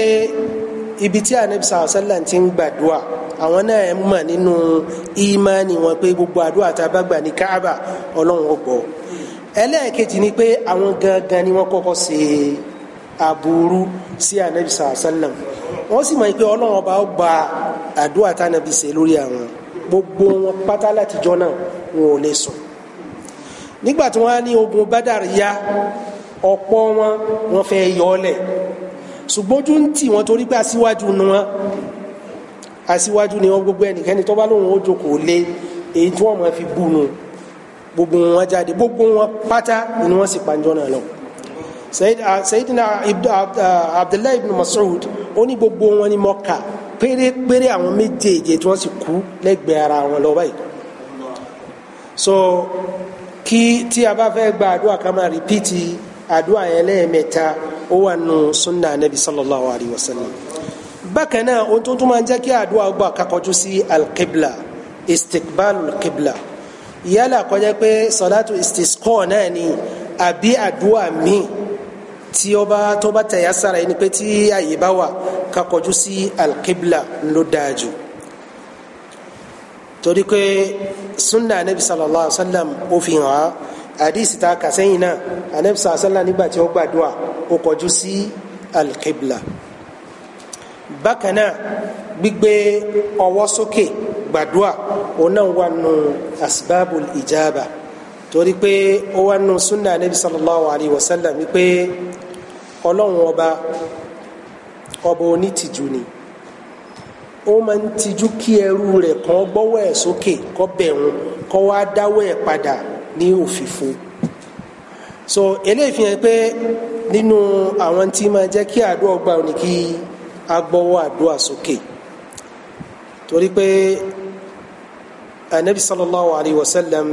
ibi tí anabi sàlẹ̀ ti ń gbàdúrà àwọn náà mọ̀ nínú ìmánì wọn pé gbogbo àdúrà tá a bá gbà ní káàbà ọlọ́run ó gbọ́ ẹlẹ́ẹ̀kejì ni pé àwọn gangan ni wọ́n kọ́kọ́ ṣe aburú sí anabi sàlám wọ́n sì mọ̀ pé ọlọ́run ọba gba àdúrà tá anabi ṣe lórí àwọn gbogbo wọn pátá látijọ́ náà wọn ò lè sùn nígbà tí wọ́n á ní ogun bádàr ya ọ̀pọ̀ wọn wọ́n fẹ́ yọ ọ́ lẹ̀ ṣùgbọ́n ojú ń tì wọ́n torí pé aṣíwájú nu wọn aṣíwájú ni wọn gbogbo ẹnikẹ́ni tó bá lóun ó jókòó lé èyí tí wọn máa fi bú nu gbogbo wọn jáde gbogbo wọn pátá ni wọn sì panjọ náà lọ sayidina ah, ah, ah, abdullahi ibn mas'ud ó ní gbogbo wọn ni mo pérépéré àwọn méjèèjì tí wọn sì kú lẹ́gbẹ̀ẹ́ ara wọn lọ báyìí so kí tí a bá fẹ́ gba àdúrà ká máa rìpíìtì àdúrà yẹn lẹ́ẹ̀mẹ́ta ó wà nù sunna anabi sallallahu alayhi wa sallam bákan náà ohun tó tún máa ń jẹ́ kí àdúrà gbà kakọjú sí alqibla istikbalu alqibla yálà kó jẹ́ pé sọ̀dátù istisqa náà ni àbí àdúrà míì tí ó bá tó bá tẹ̀yà sára ẹni pé tí àyè bá wà kakọjú sí alqibla ló dáa jù torí pé sunna anabi sallallahu alaihi wa sallam ó fi hàn á àdìsí ta kà náà anabi sallallahu alaihi wa sallam nígbà tí ó gbàdúrà ó kọjú sí alqibla bákan náà gbígbé ọwọ́ sókè gbàdúà òun náà wà nù asbabul ijaba torí pé ó wà nù sunna anabi sallallahu alayhi wa sallam wípé ọlọ́run ọba ọba onítìjú ni ó máa ń tijú kí ẹrú rẹ̀ kàn gbọ́wọ́ ẹ̀ sókè kó bẹ̀ wọ́n wá dáwọ́ ẹ̀ padà ní òfìfo so eléyìí fi hàn pé nínú àwọn tí máa jẹ́ kí àdúrà gbà ò kí agbọ́wọ́ àdúrà sókè torí pé anabi sallallahu alayhi wa sallam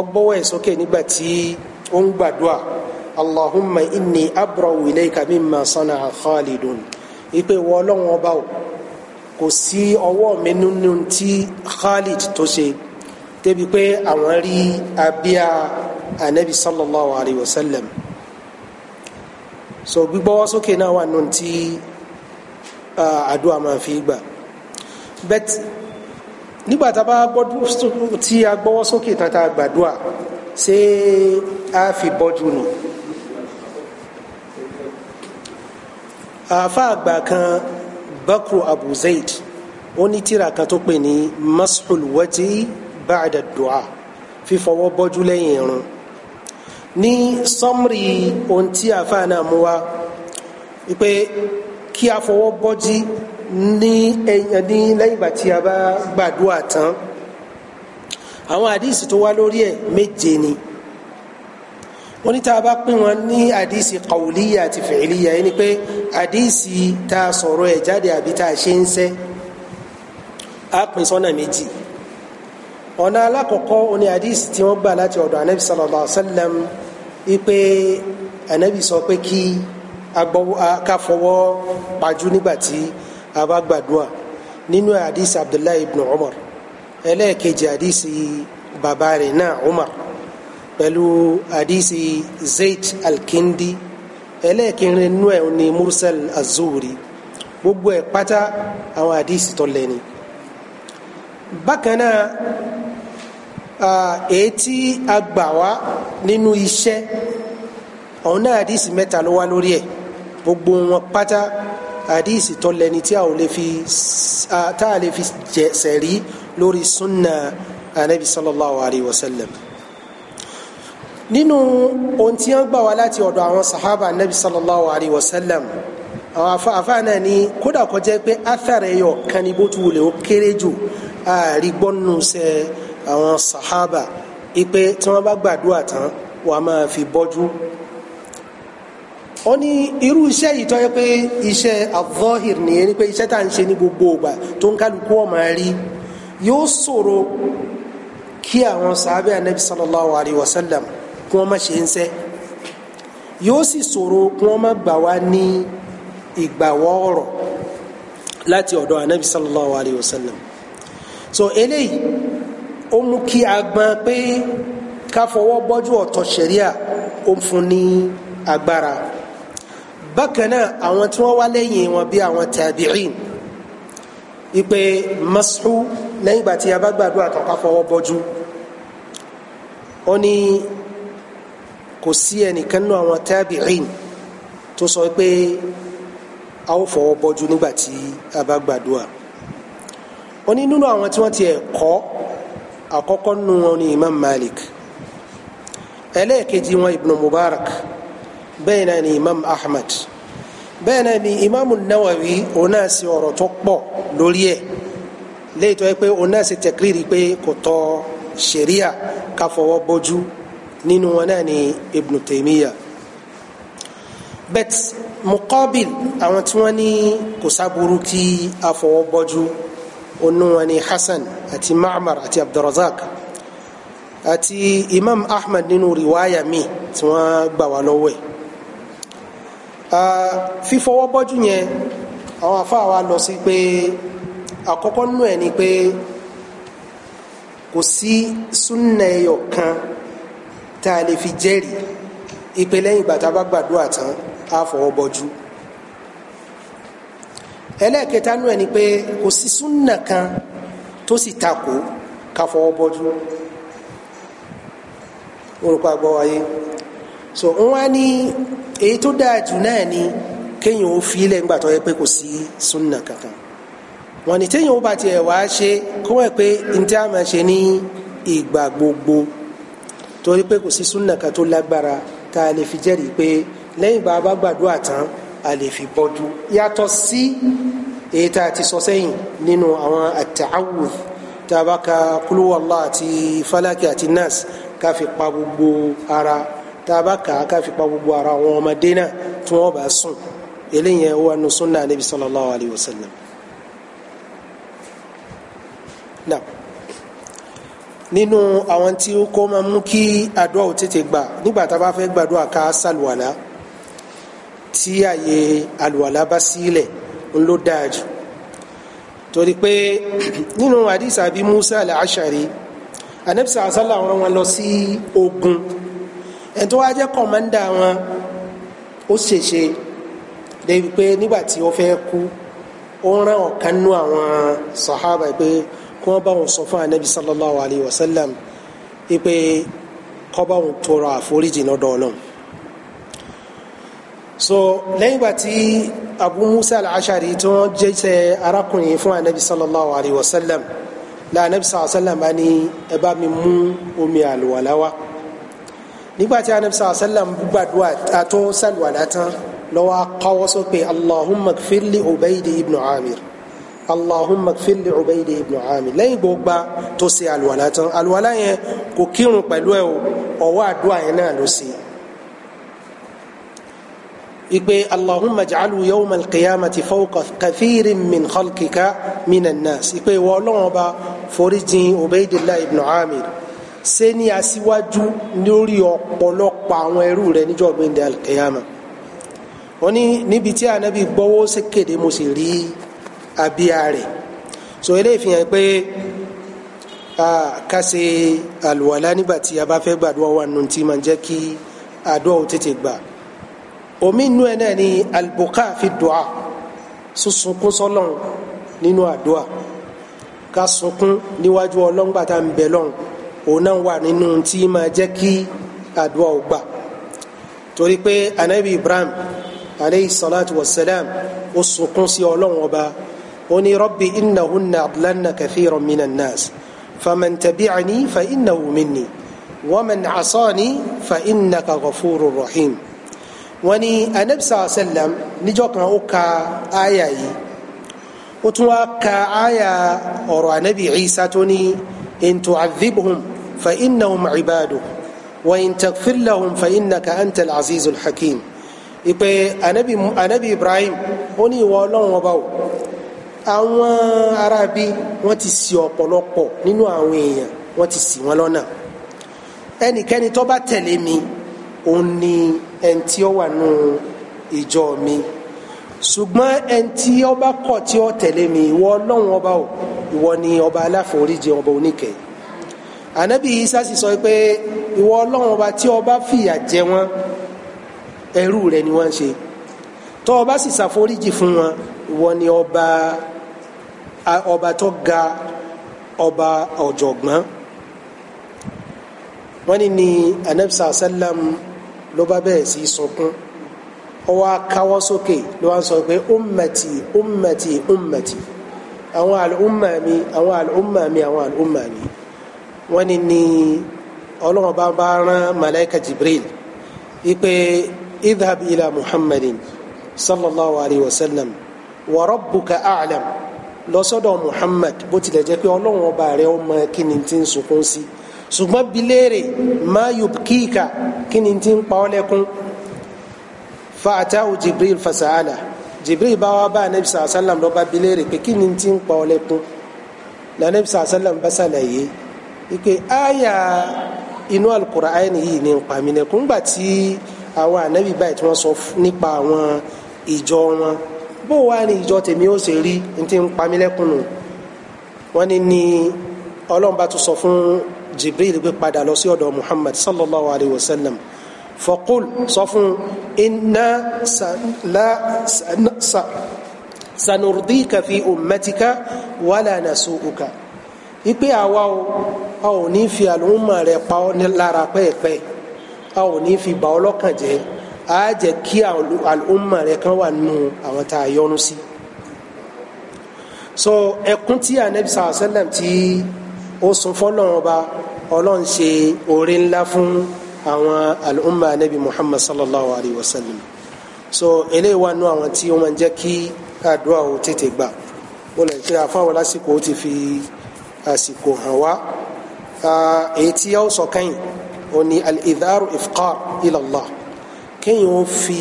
ọgbọ́wọ́ ẹ̀ sókè nígbà tí ó ń gbàdúrà allahumma inni abrawu ilayka mimma sana'a khalidun ipe wọlọ́wọ́n ọba o kò sí ọwọ́ mi nínú tí khalid tó ṣe débi pé àwọn rí abíyá anabi sallallahu alayhi wa sallam so gbígbọ́wọ́ sókè náà wà nù tí àdúrà máa fi gbà bet nígbà tá a bá gbọ́dọ̀ tí a gbọ́wọ́ sókè tán tá a gbàdúrà ṣé a fi bọ́jú nù. àáfàá àgbà kan bakru abu zaid ó ní tírà kan tó pè ní mashul wati ba'da du'a fífọwọ́ bọ́jú lẹ́yìn irun ní sọmrì ohun tí àfa náà mú wa wípé kí a fọwọ́ bọ́jí ní ẹ̀yàn ní lẹ́yìn ìgbà tí a bá gbàdúrà tán àwọn àdìsí tó wá lórí ẹ̀ méje ni wọ́n ní tá a bá pín wọn ní àdìsí kàwùlíyà àti fìlíyà ẹni pé àdìsí tá a sọ̀rọ̀ ẹ̀ jáde àbí tá a ṣe ń sẹ́ a pín sọ́nà méjì ọ̀nà alákọ̀ọ́kọ́ ó ní àdìsí tí wọ́n gbà láti ọ̀dọ̀ anabi sallallahu alayhi wa sallam ipe anabi sọ pé kí ká fọwọ́ pajú nígbà tí a bá gbàdúrà nínú hadith abdullahi ibn umar ẹlẹ́ẹ̀kejì hadith bàbá rẹ̀ náà umar pẹ̀lú hadith zayt alkindi ẹlẹ́ẹ̀kẹrin nínú ẹ̀ ní mursal azuri zuhri gbogbo ẹ̀ pátá àwọn hadith tó lẹ́ni bákan náà èyí tí a gbà wá nínú iṣẹ́ ọ̀hún náà àdìsí mẹ́ta ló wá lórí ẹ̀ gbogbo wọn pátá àdìsí tó tí a ò lè fi tá a lè fi sẹ̀rí lórí sunna anabi sallallahu alayhi wa sallam nínú ohun tí wọ́n gbà wá láti ọ̀dọ̀ àwọn sahaba anabi sallallahu alayhi wa sallam àwọn afáàfá náà ni kódà kọjá pé athara ẹyọ kan ni bó tu wulẹ̀ ó kéré jù àárí àwọn sahaba ipe tí wọ́n bá gbàdúrà tán wàá máa fi bọ́jú ó ní irú iṣẹ́ yìí tó yẹ pé iṣẹ́ avọ́hìr nìyẹn ni pé iṣẹ́ tá à ń ṣe ní gbogbo ìgbà tó ń kálukú ó máa rí yóò ṣòro kí àwọn sàábẹ́ anabi sallallahu alayhi wa sallam kí wọ́n má ṣe ń sẹ́ yóò sì ṣòro kí wọ́n má gbà wá ní ìgbàwọ́ ọ̀rọ̀ láti ọ̀dọ̀ anabi sallallahu alayhi wa sallam so eléyìí ó mú kí agbọn pé ká fọwọ́ bọ́jú ọ̀tọ̀ ṣẹ̀ríà ó fún ní agbára bákan náà àwọn tí wọ́n wá lẹ́yìn wọn bí àwọn tabi'in ipe masu lẹ́yìn ìgbà tí a bá gbàdúrà tán ká fọwọ́ bọ́jú ó ní kò sí ẹnìkan nínú àwọn tabi'in tó sọ pé a ó fọwọ́ bọ́jú nígbà tí a bá ó ní nínú àwọn tí wọ́n ti ẹ̀ kọ́ àkọ́kọ́ nu wọn ni imam malik ẹlẹ́ẹ̀kejì wọn ibn mubarak bẹ́ẹ̀ náà ni imam ahmad bẹ́ẹ̀ náà ni imam nawawi òun náà sì ọ̀rọ̀ tó pọ̀ lórí ẹ̀ léyìí tó yẹ pé òun náà pé kò tọ́ ṣẹ̀ríà ká fọwọ́ bójú nínú wọn náà ni ibn taymiya bet muqabil àwọn tí wọ́n ní kò sábúrú kí a fọwọ́ bójú onu wọn ni hasan àti ma'mar àti abdulrazak àti imam ahmed nínú riwaya mi tí wọ́n gbà wá lọ́wọ́ ẹ̀ fífọwọ́ bọ́jú yẹn àwọn afa wa lọ sí pé àkọ́kọ́ nù ẹ̀ ni pé kò sí súnà ẹyọ kan tá a lè fi jẹ́rìí ìpè lẹ́yìn ìgbà tá a bá gbàdúrà tán á fọwọ́ ẹlẹ́ẹ̀kẹta nú ẹ̀ ni pé kò sí súnà kan tó sì takò ká fọwọ́ bọ́jú orúkọ àgbọ̀ so n wá ní èyí tó dáa jù náà ni kéèyàn ó fi ilẹ̀ ńgbà tó yẹ pé kò sí kankan wọn ni téèyàn ó bá tiẹ̀ wá ṣe kó wọ́n pé n tí a máa ṣe ní ìgbà gbogbo torí pé kò sí súnà kan tó lágbára tá fi jẹ́rìí pé lẹ́yìn bá a bá a lè fi bọ́jú yàtọ̀ sí èyí tá a ti sọ sẹ́yìn nínú àwọn àtàwùd tá a bá ka kúlúwàlá àti fálákì àti nas ká fi pa gbogbo ara tá a bá kà á ká fi pa gbogbo ara àwọn ọmọdé náà tí wọ́n bá sùn eléyìí wà nù súnà níbi sallallahu alayhi wa nínú àwọn tí ó kọ́ máa mú kí àdúrà ò tètè gbà nígbà tá a bá fẹ́ gbàdúrà ká sàlùwàlá tí àyè àlùwàlá bá sílẹ̀ ń ló dáa jù torí pé [clears throat] nínú àdìsá bí Musa al-Ashari anabisa asala wọn wọn lọ sí ogun ẹni tó wá jẹ́ kọ̀mọ́ndà wọn ó ṣèṣe débi pé nígbà tí ó fẹ́ kú ó rán ọ̀kan nú àwọn sàhábà pé kí wọ́n bá wọn sọ fún anabi sallallahu alayhi wa sallam pé kọ́ bá wọn tọrọ àforíjì lọ́dọ̀ ọlọ́run so lẹ́yìn ìgbà tí abu musa al-ashari tó ń jẹ́sẹ̀ arákùnrin fún anabi sallallahu alayhi wa sallam la anabi sallallahu alayhi wa sallam bá ní ẹ bá mi mú omi àlùwàlá wá nígbà tí anabi sallallahu alayhi wa sallam gbàdúrà àtún sàlùwàlá tán lọ́wọ́ akọ́wọ́ sókè allahumma kfirli ubaydi ibn amir allahumma kfirli ubaydi ibn amir lẹ́yìn gbogbo tó ṣe àlùwàlá tán àlùwàlá yẹn kò kírun pẹ̀lú ẹ̀ o ọwọ́ àdúrà yẹn náà ló ṣe ipe allahumma ja'alu yawma alqiyamati fawqa kathirin min khalqika minan nas ipe ìwọ ọlọ́run ọba foríjìn ubaydillah ibn amir ṣe ní aṣíwájú lórí ọ̀pọ̀lọpọ̀ àwọn ẹrú rẹ níjọ́ gbẹ̀ndẹ̀ alqiyama wọ́n ní níbi tí anabi gbọ́wọ́ ṣe kéde mo sì rí abíyá rẹ̀ so eléyìí fi hàn pé ká ṣe àlùwàlá nígbà tí a bá fẹ́ gbàdúrà wà nù tí máa jẹ́ kí àdúrà ó tètè gbà omi inú ẹ náà ni albuka fi dùá sísunkún sọ́lọ́run nínú àdúà ká sunkún níwájú ọlọ́ngbà tá ń bẹ lọ́run òun náà wà nínú tí máa jẹ́ kí àdúà ò gbà torí pé anabi ibrahim aleyhi salatu wa salam ó sunkún sí ọlọ́run ọba ó ní rabbi innahunna adlanna kathiran minan nas faman tabi'ani fa innahu minni waman asani fa innaka ghafurur rahim wọ́n ní anabisa sallam níjọ́ kan ó ka aya yìí ó tún wá ka aya ọ̀rọ̀ anabi Isa tó ní in tu'adhibhum fa innahum ibaduk wa in taghfir lahum fa innaka antal azizul hakim ìpè anabi anabi Ibrahim ó ní ìwọ Ọlọ́run ọba o àwọn aráabí wọ́n ti ṣì ọ̀pọ̀lọpọ̀ nínú àwọn èèyàn wọ́n ti ṣì wọ́n lọ́nà ẹnikẹ́ni tó bá tẹ̀lé mi òun ni ẹni tí ó wà nù ìjọ mi ṣùgbọ́n ẹni tí ọba kọ̀ tí ó tẹ̀lé mi ìwọ ọlọ́run ọba o ìwọ ni ọba aláforíjì ọba oníkẹ́ ànábì isa sì sọ pé ìwọ ọlọ́run ọba tí ọba fìyà jẹ wọn ẹrú rẹ ni wọ́n ń ṣe tó ọba sì ṣàforíjì fún wọn ìwọ ni ọba ọba tó ga ọba ọ̀jọ̀gbọ́n wọ́n ní ní anabi sàlám ló bá bẹ̀rẹ̀ sí sunkún ó wá káwọ́ sókè ló wá ń sọ pé ummati ummati ummati àwọn àlùmọ̀ mi àwọn àlùmọ̀ mi àwọn àlùmọ̀ mi wọ́n ní ní ọlọ́run bá bá rán malaika jibril wípé idhab ila muhammadin sallallahu alayhi wa sallam wa rabbuka a'lam lọ sọ́dọ̀ muhammad bó tilẹ̀ jẹ́ pé ọlọ́run ọba rẹ̀ ó mọ kí ni ti ń sunkún sí. Si ṣùgbọ́n bi léèrè ma yubkika kí ni ti ń pa ọ́ lẹ́kún fa atahu jibril fasaala jibril bá wa bá anabi sàlá sàlám lọ́ba bi léèrè pé kí ni ti ń pa ọ́ lẹ́kún lànàbi sàlá sàlám bá ṣàlàyé ipe aya inú alukura'an yìí ni ń pa mí lẹ́kún gbà tí àwọn anabi báyìí tí wọ́n sọ nípa àwọn ìjọ wọn bó wàá ní ìjọ tèmi ó ṣe rí n ti ń pa mí lẹ́kún nù wọ́n ní ní ọlọ́run bá tún sọ fún jibril gbé padà lọ sí ọ̀dọ̀ muhammad sallallahu alayhi wa sallam fọkúl sọ fún iná sanurdika fi ummatika wàlà nasuuka ipe àwa o a ò ní fi àlùmọ̀ rẹ̀ pa ọ́ lára pẹ́ẹ́pẹ́ a ò ní fi bà ọ́ lọ́kàn a jẹ́ kí àlùmọ̀ rẹ̀ kan wà nù àwọn tá a yọ́nú so ẹkún tí anabi sàlẹ̀ sẹ́lẹ̀m tí ó sun fọlọ́run ọba ọlọ́run ṣe oore ńlá fún àwọn al'umma anabi muhammad sallallahu alayhi wa sallam so eléyìí wà nù àwọn tí ó máa ń jẹ́ kí àdúrà ó tètè gbà ó lè ṣe àfáwọn lásìkò ó ti fi àsìkò hàn wá èyí tí yóò sọ kẹ́yìn ó ní al-idharu ifqar ila Allah ó fi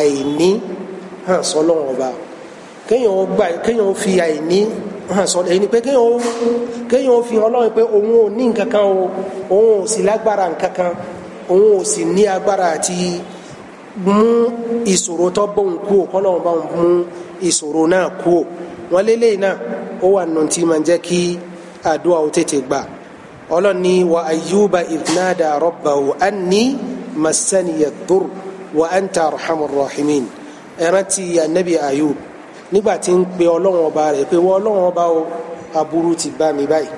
àìní hàn sọ́lọ́run ọba kéèyàn ó fi àìní sọ̀rọ̀ èyí ni pé kéèyàn ó fi ọlọ́run pé òun ò ní nǹkan kan o òun ò sì lágbára nǹkan kan òun ò sì ní agbára àti mú ìṣòro tó bóun kú ò kọ́lọ́run bá òun mú ìṣòro náà kú ò wọ́n lélẹ́yìn náà ó wà nù tí máa jẹ́ kí àdúrà ó tètè gbà ọlọ́ni wa ayuba ibnada rabbahu anni masaniya wa anta arhamur rahimin ẹ̀rántí anabi ayub nígbà tí ń pe ọlọ́run ọba rẹ̀ pé wọ́n ọlọ́run ọba o aburú ti bá mi báyìí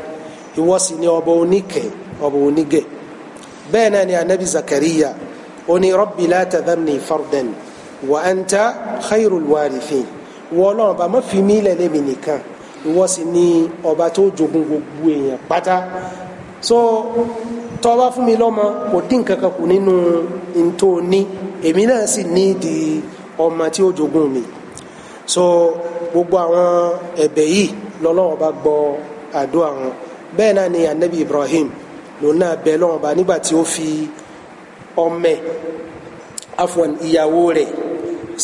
ìwọ sì ni ọba oníkẹ ọba onígẹ bẹ́ẹ̀ náà ni anabi zakariya ó ní rabbi la tadhamni fardan wa anta khairul wọ́n ọlọ́run ọba má fi mí lẹ́lẹ́ mi nìkan ìwọ sì ni ọba tó jogun gbogbo èèyàn pátá so tó bá fún mi lọ́mọ kò dín nǹkan kan kù nínú ntòní èmi náà sì ní di ọmọ tí ó jogun mi so gbogbo àwọn ẹ̀bẹ̀ yìí lọ́lọ́wọ́ bá gbọ́ àdúrà wọn bẹ́ẹ̀ náà ni anabi Ibrahim lòun náà bẹ lọ́wọ́ bá nígbà tí ó fi ọmẹ afọn ìyàwó rẹ̀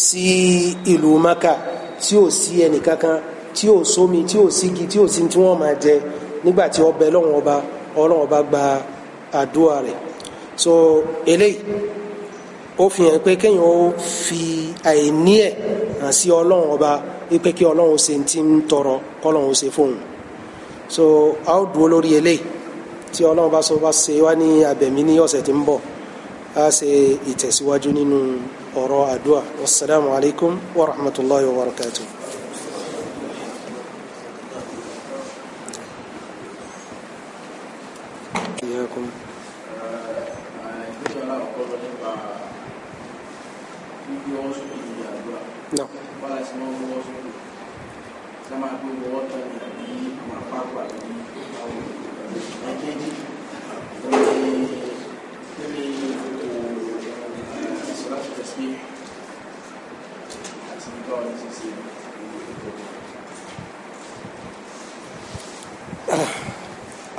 sí ìlú Maka tí ò sí ẹnìkankan tí ò sómi tí ò sígi tí ò sí tí wọ́n máa jẹ nígbà tí ó bẹ lọ́wọ́ ọba bá gba àdúrà rẹ̀ so eléyìí ó fi hàn pé kéèyàn ó fi àìní ẹ̀ hàn sí ọlọ́run ọba wípé kí ọlọ́run ṣe ti ń tọrọ kọ́lọ́run ṣe fóun so a ó dúró lórí eléyìí tí ọlọ́run bá sọ bá ṣe wá ní abẹ̀mí ní ọ̀sẹ̀ tí ń bọ̀ á ṣe ìtẹ̀síwájú nínú ọ̀rọ̀ àdúrà wasalaamualeykum wa rahmatulahi wa barakatuh. máa ń wọ́ sódò tí wọ́n máa gbé wọ́ tán ní àbí àwọn apákọ̀ àbí àwọn ẹ̀kẹ́jì lórí ètò ìṣọ́láṣọ tẹ̀sí àti ìgbà ọ̀rẹ́ ṣíṣe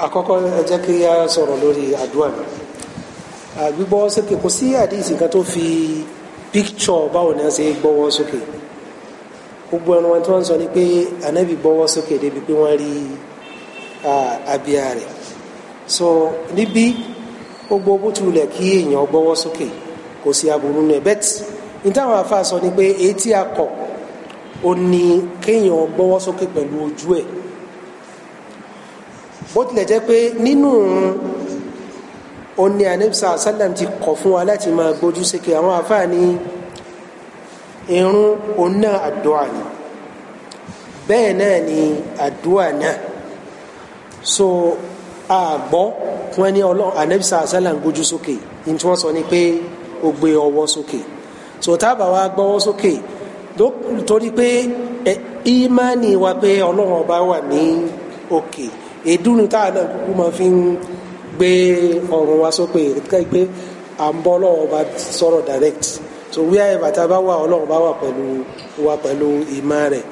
àkọ́kọ́ ẹ jẹ́ kí a sọ̀rọ̀ lórí àdúrà náà àgbígbọ́wọ́ sókè kò sí àdíìsì kan tó fi píkṣọ̀ báwo ni a ṣe gbọ́wọ́ sókè. Okay gbogbo ẹnu wọn tí wọ́n sọ ni pé anabi bọ́wọ́ sókè débi pé wọ́n rí abíyá rẹ̀ so níbí gbogbo bó ti wulẹ̀ kí èèyàn bọ́wọ́ sókè kò sí aburú náà bẹ́ẹ̀ tí nítawọn afa sọ ni pé èyí tí a kọ̀ ó ní kéèyàn bọ́wọ́ sókè pẹ̀lú ojú ẹ̀ bó tilẹ̀ jẹ́ pé nínú òun ni anabisa ti kọ̀ fún wa láti máa gbójú sókè àwọn afa ni. Ni irun ona náà àdúrà ni bẹ́ẹ̀ náà ni àdúrà náà so àgbọ́ wọn ní ọlọ́run anabisa asálà ń gbójú sókè ní tí wọ́n sọ ni pé ó gbé ọwọ́ sókè so tábà wa gbọ́wọ́ sókè torí pé ìmánì wa pé ọlọ́run ọba wà ní òkè èdúnú táà náà kúkú máa fi ń gbé ọrùn wa sókè pé à ń bọ́ ọlọ́run ọba sọ̀rọ̀ direct. So, so wí àyè bàtà bá wà ọlọ́run bá wà pẹ̀lú wà pẹ̀lú ìmọ̀ rẹ̀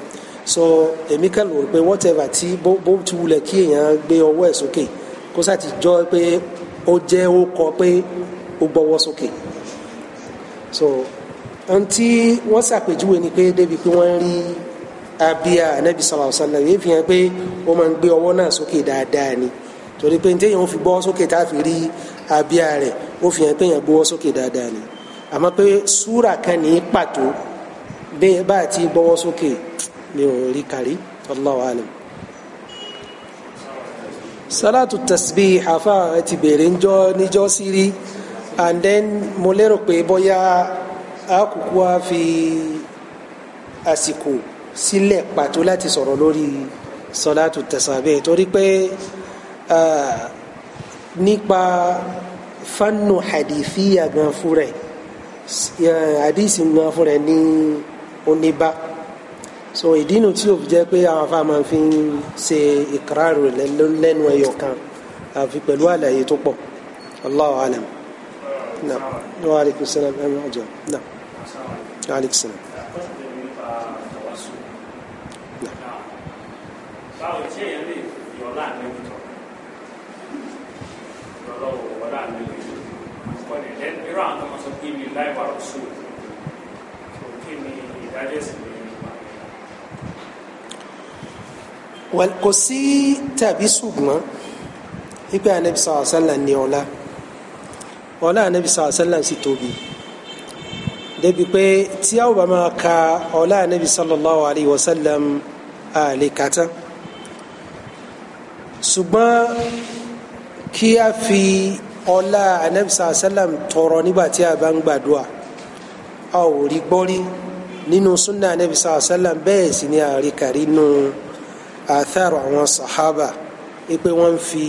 so èmi kàn lò pé whatever tí bó ti wulẹ̀ kí èèyàn gbé ọwọ́ ẹ̀ sókè kó sàti jọ pé ó jẹ́ ó kọ pé ó gbọ́wọ́ sókè so ohun tí wọ́n ni pé débi pé wọ́n rí abíyá anabi sallallahu alaihi wasallam yìí fi hàn pé ó máa ń gbé ọwọ́ náà sókè dáadáa ni torí pé ní téèyàn fi gbọ́wọ́ sókè tá a fi rí abíyá rẹ̀ ó fi hàn pé èèyàn gbọ́wọ́ sókè dáadáa ni àmọ́ pé súrà kan ní pàtó bẹ́ẹ̀ bá ti gbọ́wọ́ sókè mi ò rí kárí Allahu alam. salatu tasbih afa ti bẹ̀rẹ̀ njọ́ níjọ́ sí rí and then mo lérò pé bóyá àkùkù wa fi àsìkò sílẹ̀ pàtó láti sọ̀rọ̀ lórí salatu tasbih torí pé ah, nípa fannu hadifiya gan fúrẹ̀ hadith gan fúnra ẹ ní oníbá so ìdínú tí o jẹ́ pé àwọn afa máa fi ń ṣe ìkírarù lẹ́nu ẹyọ kan àfi pẹ̀lú àlàyé tó pọ̀ Allahu alam naam wa aleykum salaam ẹ máa jọ naam wa aleykum salaam. báwo tí èèyàn lè yọ láàrin ìtọ́ lọ́wọ́ láàrin ìtọ́ ìkọlẹ̀ lẹ́nu irú àwọn tó máa sọ pé mi láì wà rọ̀ṣù kò kí ni ìdájọ́ sì lè nípa. kò sí tàbí ṣùgbọ́n ipe anabi sọ àṣàlà ní ọlá ọlá anabi sọ àṣàlà sì tóbi débi pé tí a ò bá ka ọlá anabi sallallahu alayhi wa sallam àlè kàtá ṣùgbọ́n kí a fi ọlá anabisa asalam tọrọ nígbà tí a bá ń gbàdúrà a ò rí gbọ́rí nínú sunna anabisa asalam bẹ́ẹ̀ sì ni àríkàrí nínú àtàrọ àwọn sahaba ipe wọ́n fi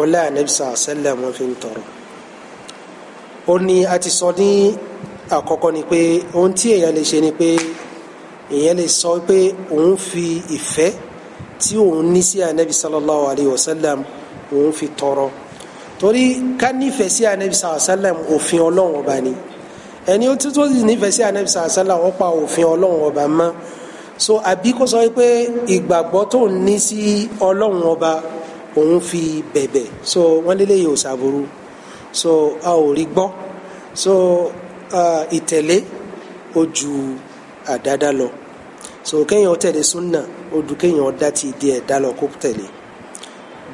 ọlá anabisa asalam wọ́n fi ń tọrọ ó ní a ti sọ ní àkọ́kọ́ ni pé ohun tí èèyàn lè ṣe ni pé èèyàn lè sọ pé òun fi ìfẹ́ tí òun ní sí anabi sallallahu alayhi wa òun fi tọrọ torí ká nífẹ̀ẹ́ sí anabi sàlám òfin ọlọ́run ọba ni ẹni tó tó nífẹ̀ẹ́ sí anabi sàlám ó òfin ọlọ́run ọba mọ́ so àbí kó sọ pé ìgbàgbọ́ tó ń ní sí ọlọ́run ọba òun fi bẹ̀bẹ̀ so wọ́n lé léyìí òsàbùrù so a ò rí gbọ́ so ìtẹ̀lé ó ju àdáda lọ so kéèyàn tẹ̀lé súnà ó ju kéèyàn dá ti di ẹ̀dá lọ kó tẹ̀lé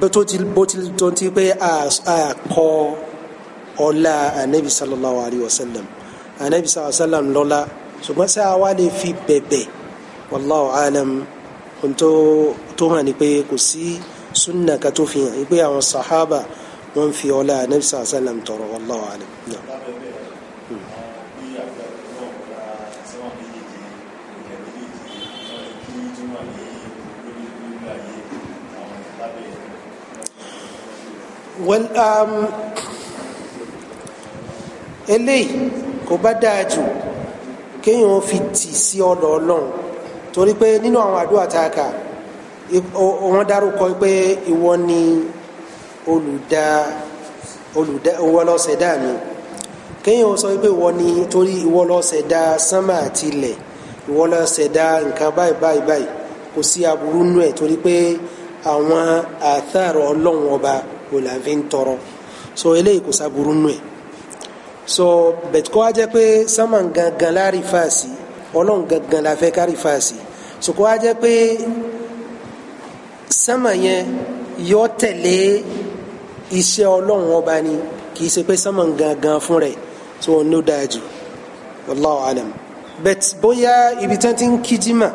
bó ti bó ti tó ti pé àkọ ọlá anabi sallallahu alayhi wa sallam anabi sallallahu alayhi wa sallam lọ́lá ṣùgbọ́n sẹ́ àwa lè fi bẹ̀bẹ̀ wallahu alam tó tó hàn ní pé kò sí sunna ka tó fi hàn pé àwọn well um, eléyìí kò bá dáa jù kéèyàn fi tì sí ọ̀dọ̀ Ọlọ́run torí pé nínú àwọn àdúrà tá a kà wọ́n dárúkọ pé ìwọ ni olùdá olùdá ìwọ ló ṣẹ̀dá mi kéèyàn sọ pé ìwọ ni torí ìwọ ló ṣẹ̀dá sánmà àti ilẹ̀ ìwọ ló ṣẹ̀dá nǹkan báyìí báyìí báyìí kò sí aburú nù ẹ̀ torí pé àwọn àtàrọ̀ Ọlọ́run ọba o là fi ń so eléyìí kò sábúrú nù ẹ so bẹ̀tukọ́ wa jẹ́ pé sámà gangan la rí fàásì ọlọ́run gangan la fẹ́ ká rí fàásì so kọ́ wa jẹ́ pé sámà yẹn yọ tẹ̀lé iṣẹ́ ọlọ́run ọba ni kì í ṣe pé sámà gangan fún rẹ̀ so ó ní ó dáa jù alam bet bóyá ibi tí wọ́n ti ń kí jimá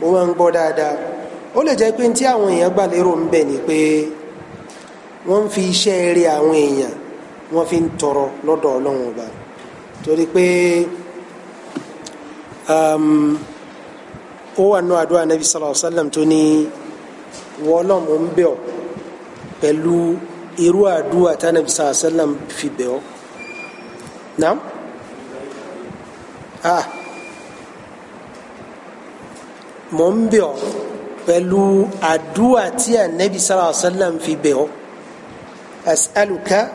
wọ́n máa dáadáa ó lè jẹ́ pé ní àwọn èèyàn gbà lérò ń bẹ ni pé. Pe wọ́n fi iṣẹ́ eré àwọn èèyàn wọ́n fi ń tọrọ lọ́dọ̀ ọlọ́run ọba torí pé um, ó wà nù àdúrà nàbí sallallahu alaihi wasallam tó ní wọ́ọ́lọ́ mò ń bẹ̀ ọ́ pẹ̀lú irú àdúrà tánàbí sallallahu alaihi wasallam fi bẹ̀ ọ́ naam ah mò ń bẹ̀ ọ́ pẹ̀lú àdúrà tí ànábì sallallahu alaihi wasallam fi bẹ̀ ọ́. أسألك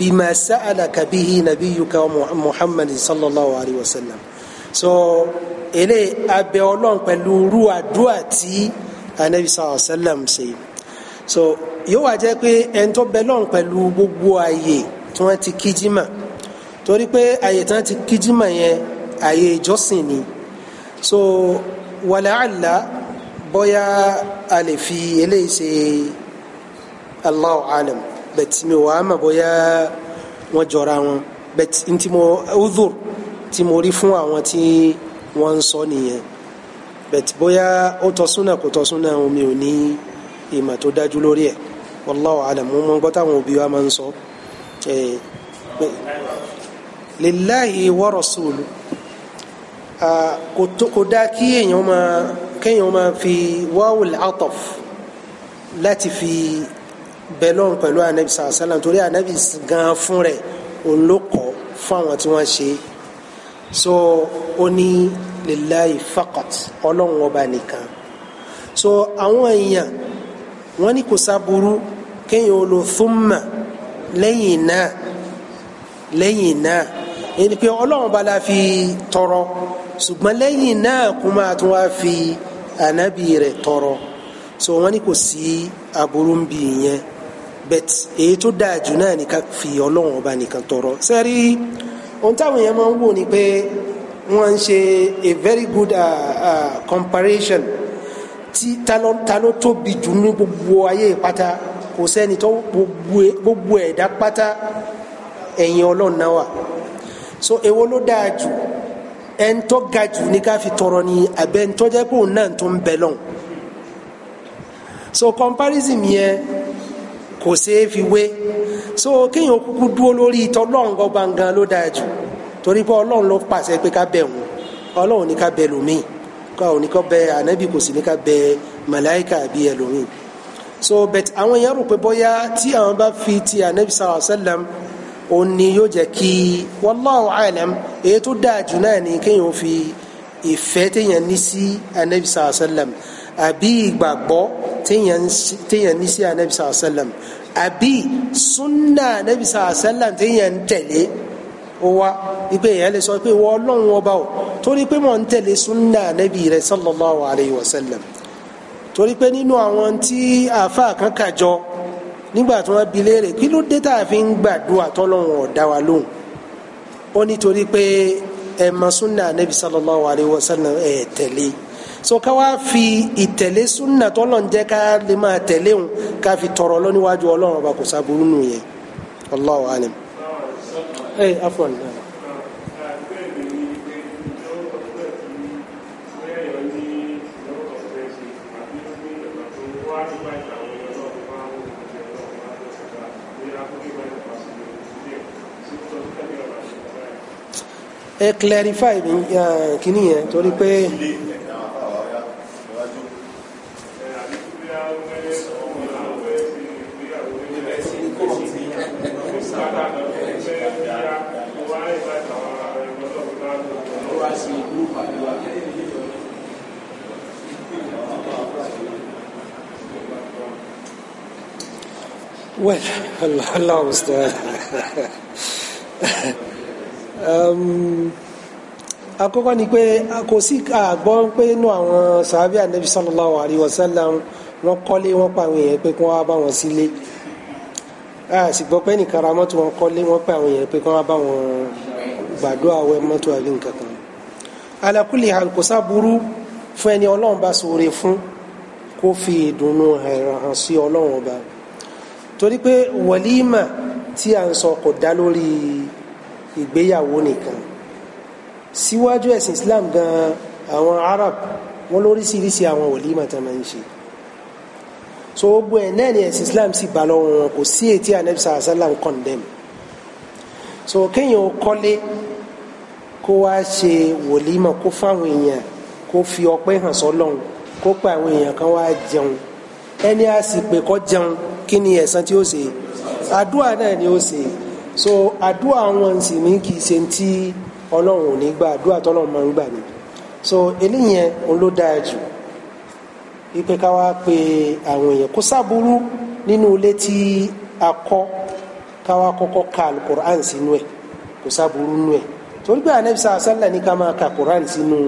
بما سألك به نبيك محمد صلى الله عليه وسلم so ele abẹ Ọlọ́run pẹ̀lú irú àdúrà tí anabi sallallahu ṣe so yóò wá jẹ́ pé ẹni tó bẹ Ọlọ́run pẹ̀lú gbogbo ààyè tí wọ́n ti kíjímà torí pé ààyè tí wọ́n ti kíjímà yẹn ààyè ìjọsìn ni so wàlàhàlà bóyá a lè fi eléyìí ṣe. Allahu alam bẹt mi wàá mà bóyá wọn jọra wọn bẹt ntí mo udhur tí mo rí fún àwọn tí wọn ń sọ nìyẹn bẹt bóyá ó tọ́ súnà kò tọ́ súnà mi ò ní ìmọ̀ tó dájú lórí ẹ̀ wallahu alam mo mọ gbọ́ táwọn òbí wa máa ń sọ lillahi wa kò dá kí èèyàn máa kéèyàn máa fi wáwùl atọf láti fi bẹlọ́n pẹ̀lú anabi sallallahu alayhi wa sallam torí anabi gan fún rẹ̀ òun fún àwọn tí wọ́n ṣe so oni ní fakat faqat ọlọ́run ọba nìkan so àwọn èèyàn wọ́n ní kò sábúrú kéèyàn olo thumma lẹ́yìn náà lẹ́yìn náà ẹni pé ọlọ́run bá la fi tọrọ ṣùgbọ́n lẹ́yìn náà kó máa tún wá fi ànábì rẹ̀ tọrọ so wọ́n ní kò sí aburú ń bi ìyẹn bẹ́t èyí tó dáa jù náà ni ká fi ọlọ́run ọba nìkan tọrọ sẹ́rí ohun táwọn èèyàn máa ń wò ni pé wọ́n ń ṣe a very good uh, uh, comparison tí ta ló tóbi jù ní gbogbo ayé pátá kò sẹ́ni tó gbogbo ẹ̀dá pátá ẹ̀yìn ọlọ́run náà wà so èwo ló dáa jù ẹni tó ga jù ní ká fi tọrọ ni àbẹ ẹni náà tó ń bẹ lọ́hùn so comparison yẹn kò ṣeé fi wé so kéèyàn kúkú dúró lórí ìtọ́ lọ́ǹgọ́ gbàngàn ló dáa jù torí pé ọlọ́run ló pàṣẹ pé ká bẹ̀ wọ́n ọlọ́run ní ká bẹ lómìn ká ò ní bẹ ànábì kò sì ní ká bẹ màláìkà àbí ẹlòmíì so bẹ̀t àwọn èèyàn rò pé bóyá tí àwọn bá fi ti ànábì sàrọ̀ sẹ́lẹ̀m òun ni yóò jẹ́ kí wallahu alam èyí tó dáa jù náà ni kéèyàn fi ìfẹ́ téèyàn ní sí ànábì sàrọ̀ sẹ́lẹ̀m àbí ìgbàgbọ́ téèyàn ní sí ànábì sàrọ̀ sẹ́lẹ̀m àbí súnà nàbì sàásẹ́là tí yẹn ń tẹ̀lé ó wá ipe yẹn lè sọ pé wọ́n ọlọ́run ọba o torí pé mò ń tẹ̀lé súnà nàbì rẹ̀ sallallahu alayhi wa sallam torí pé nínú àwọn tí àáfàá kan kàjọ nígbà tí wọ́n bi léèrè kí ló dé tá a fi ń gbàdúrà tọ́lọ́run ọ̀dá wa lóhùn ó nítorí pé ẹ̀ mọ súnà nàbì sallallahu alayhi wa sallam ẹ̀ tẹ̀lé so ká wá fi ìtẹ̀lé súnà tọ́lọ̀ ń jẹ́ ká lè máa tẹ̀lé òun ká fi tọrọ lọ níwájú ọlọ́run ọba kò sábúrú nù yẹn Allahu alim. ẹ afọ nìyẹn. ẹ clarify mi kìnìyẹn torí pé. Well, Allah, Allah was there. Um, àkọ́kọ́ ni pé kò sí àgbọ́ pé inú àwọn sàábíà nẹ́bí sallallahu alayhi wa sallam wọ́n kọ́lé wọ́n pa àwọn èèyàn pé kí wọ́n wá bá wọn sílé sì gbọ́ pé nìkan ra mọ́tò wọn kọ́lé wọ́n pa àwọn èèyàn pé kí wọ́n wá bá wọn gbàdúrà wẹ́ mọ́tò àbí nǹkan kan Alakuli kulli buru kò sábúrú fún ẹni ọlọ́run bá ṣoore fún kó fi ìdùnnú hàn sí ọlọ́run ọba torí pé wàlímà tí a ń sọ kò dá lórí ìgbéyàwó nìkan síwájú ẹ̀sìn Islam gan àwọn Arab wọn lóríṣiríṣi àwọn wàlímà tá a máa ń ṣe so gbogbo ẹ̀ náà ni ẹ̀sìn Islam sì bá lọ́wọ́ wọn kò sí ètí anabi sàlám condemn so kéèyàn kọ́lé kó wá ṣe wòlímọ̀ kó fáwọn èèyàn kó fi ọpẹ́ hàn sọ́lọ́run kó pa àwọn èèyàn kan wá jẹun ẹni a sì pè kó jẹun kí ni ẹ̀san tí ó ṣe àdúrà náà ni ó ṣe so àdúrà wọn sì ní kì í ṣe ti ọlọ́run ò ní gbà àdúrà tọ́lọ́run máa ń gbà ni so eléyẹn òun ló dáa jù ipe ká wá pe àwọn èèyàn kó sábúrú nínú ilé tí a kọ́ ká wá kọ́kọ́ ka alukur'an sínú ẹ̀ kó sábúrú nínú ẹ̀ torí pé anabi sàlá sàlá ní ká máa ka quran sínú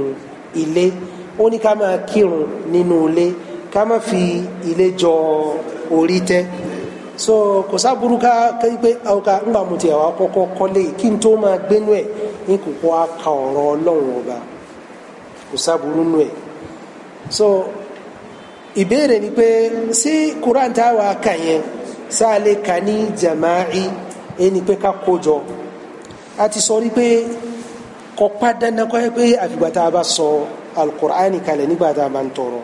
ilé ó ní ká máa kírun nínú ilé ká má fi ilé jọ orí tẹ́ so kò sábúrú ká kí pé ọkà ńgbà mo tiẹ̀ wá kọ́kọ́ kọ́lé kí n tó máa gbénú ẹ̀ ní kókó á ọ̀rọ̀ ọlọ́run ọba kò sábúrú nú ẹ̀ so ìbéèrè ni pé ṣé quran táwa kà yẹn sáà lè kà ní jama'i ẹni pé ká kó jọ a ti sọ rí pé kò pa dandan kọ́ ẹ pé àfìgbà tá a bá sọ alukur'ani kalẹ̀ nígbà tá a bá ń tọrọ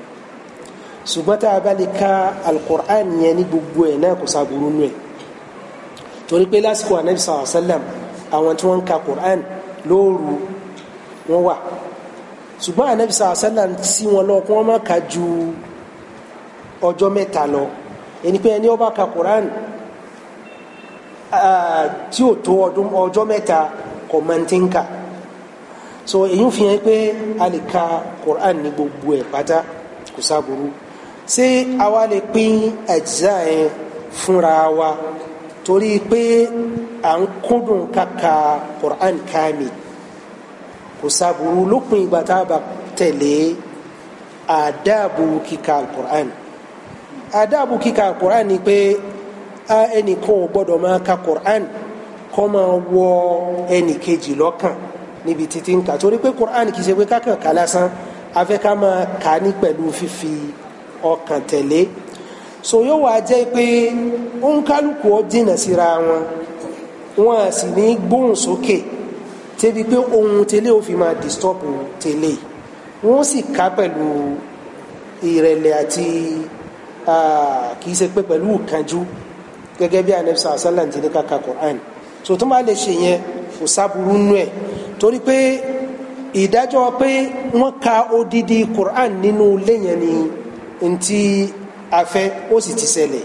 ṣùgbọ́n tá a bá lè ka alukur'ani yẹn ní gbogbo ẹ̀ náà kò sábúrú nù ẹ̀ torí pé anabi sàlọ sàlẹm àwọn tí wọ́n ka quran lóru wọ́n wà ṣùgbọ́n anabi sàlọ sàlẹm sí wọn lọ kí wọ́n má ka ju ọjọ́ mẹ́ta lọ ẹni pé ẹni ó ka quran tí ó tó ọdún ọjọ́ mẹ́ta kò máa ń ti ń kà so èyí fi hàn pé a lè ka Quran ní gbogbo ẹ̀ pátá kò sáburú ṣé àwa lè pín ẹ̀já yẹn fúnra wa torí pé à ń kúndùn kàkà Quran kàmi kò sáburú lópin ìgbà tá a bá tẹ̀lé àdáàbò kíkà Quran àdáàbò kíkà Quran ni pé a ẹnìkan ò gbọ́dọ̀ máa ka Qur'an kó máa wọ ẹnìkejì lọ́kàn níbi títí ń kà torí pé Qur'an kì í ṣe pé kákan kà lásán afẹ́ ká máa kà ní pẹ̀lú fífi ọkàn tẹ̀lé so yóò wá jẹ́ pé òǹkálùkù ó dìnà síra wọn wọn à sì ní gbóhùn sókè tẹ́bi pé ohun tẹ́lẹ̀ ò fi máa disturb tẹ́lẹ̀ wọ́n sì ká pẹ̀lú ìrẹ̀lẹ̀ àti kì í ṣe pé pẹ̀lú ìkánjú gẹ́gẹ́ bí anabi sàn ti ní kaka Qur'an so tó máa lè ṣe yẹn kò sábúrú nú ẹ̀ torí pé ìdájọ́ pé wọ́n ka odidi Qur'an nínú ilé yẹn ni ntí afẹ́ ó sì ti ṣẹlẹ̀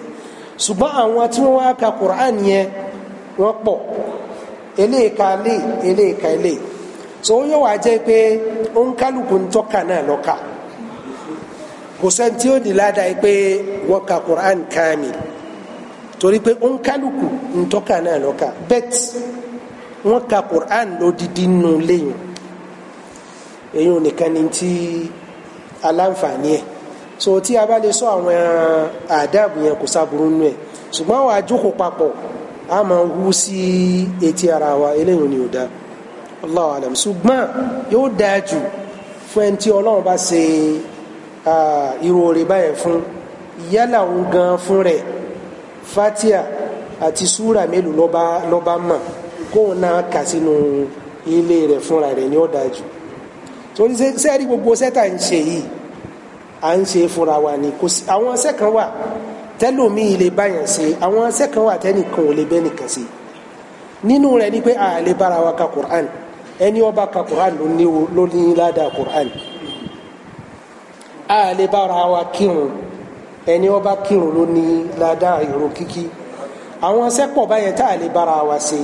ṣùgbọ́n àwọn tí wọ́n wá ka Qur'an yẹn wọ́n pọ̀ eléèka lè eléèka lè so ó yóò wá jẹ́ pé ó ń kálukú ń náà lọ́ka kò sẹ́ni tí ó di ládàá pé wọ́n ka Qur'an kamil torí pé ó ń kálukú ń tọ́ka náà lọ́ka bet wọ́n ka Qur'an lódìdí nù léyìn èyí ò nìkan ni ti aláǹfààní ẹ̀ so tí a bá lè sọ àwọn àdáàbò yẹn kò sábúrú nù ẹ̀ ṣùgbọ́n àwọn àjókòó papọ̀ a máa hú sí etí ara wa eléyìí ni ò da Allahu alam ṣùgbọ́n yóò dáa jù fún ẹni tí ọlọ́run bá ṣe irú oore báyẹn fún yálà òun gan fún rẹ̀ fatia àti súra mélòó lọ́ba lọ́ba mọ̀ kóun náà kà sínú ilé rẹ̀ fúnra rẹ̀ ní ọ̀dájú torí sẹ́ẹ̀rí gbogbo sẹ́tà ń ṣe yìí à ń ṣe fúnra wa ni kò sí àwọn sẹ́kàn wà tẹ́lòmíì lè báyàn ṣe àwọn sẹ́kàn wà tẹ́nìkan ò lè bẹ́nìkan ṣe nínú rẹ̀ ni pé a lè bára wa ka Qur'an ẹni ó bá ka Qur'an ló ní ládàá Qur'an a lè bára wa kírun ẹni ó bá kírun ló ní ládàá ìrun kíkí àwọn sẹ́pọ̀ báyẹn tá a lè bára wa ṣe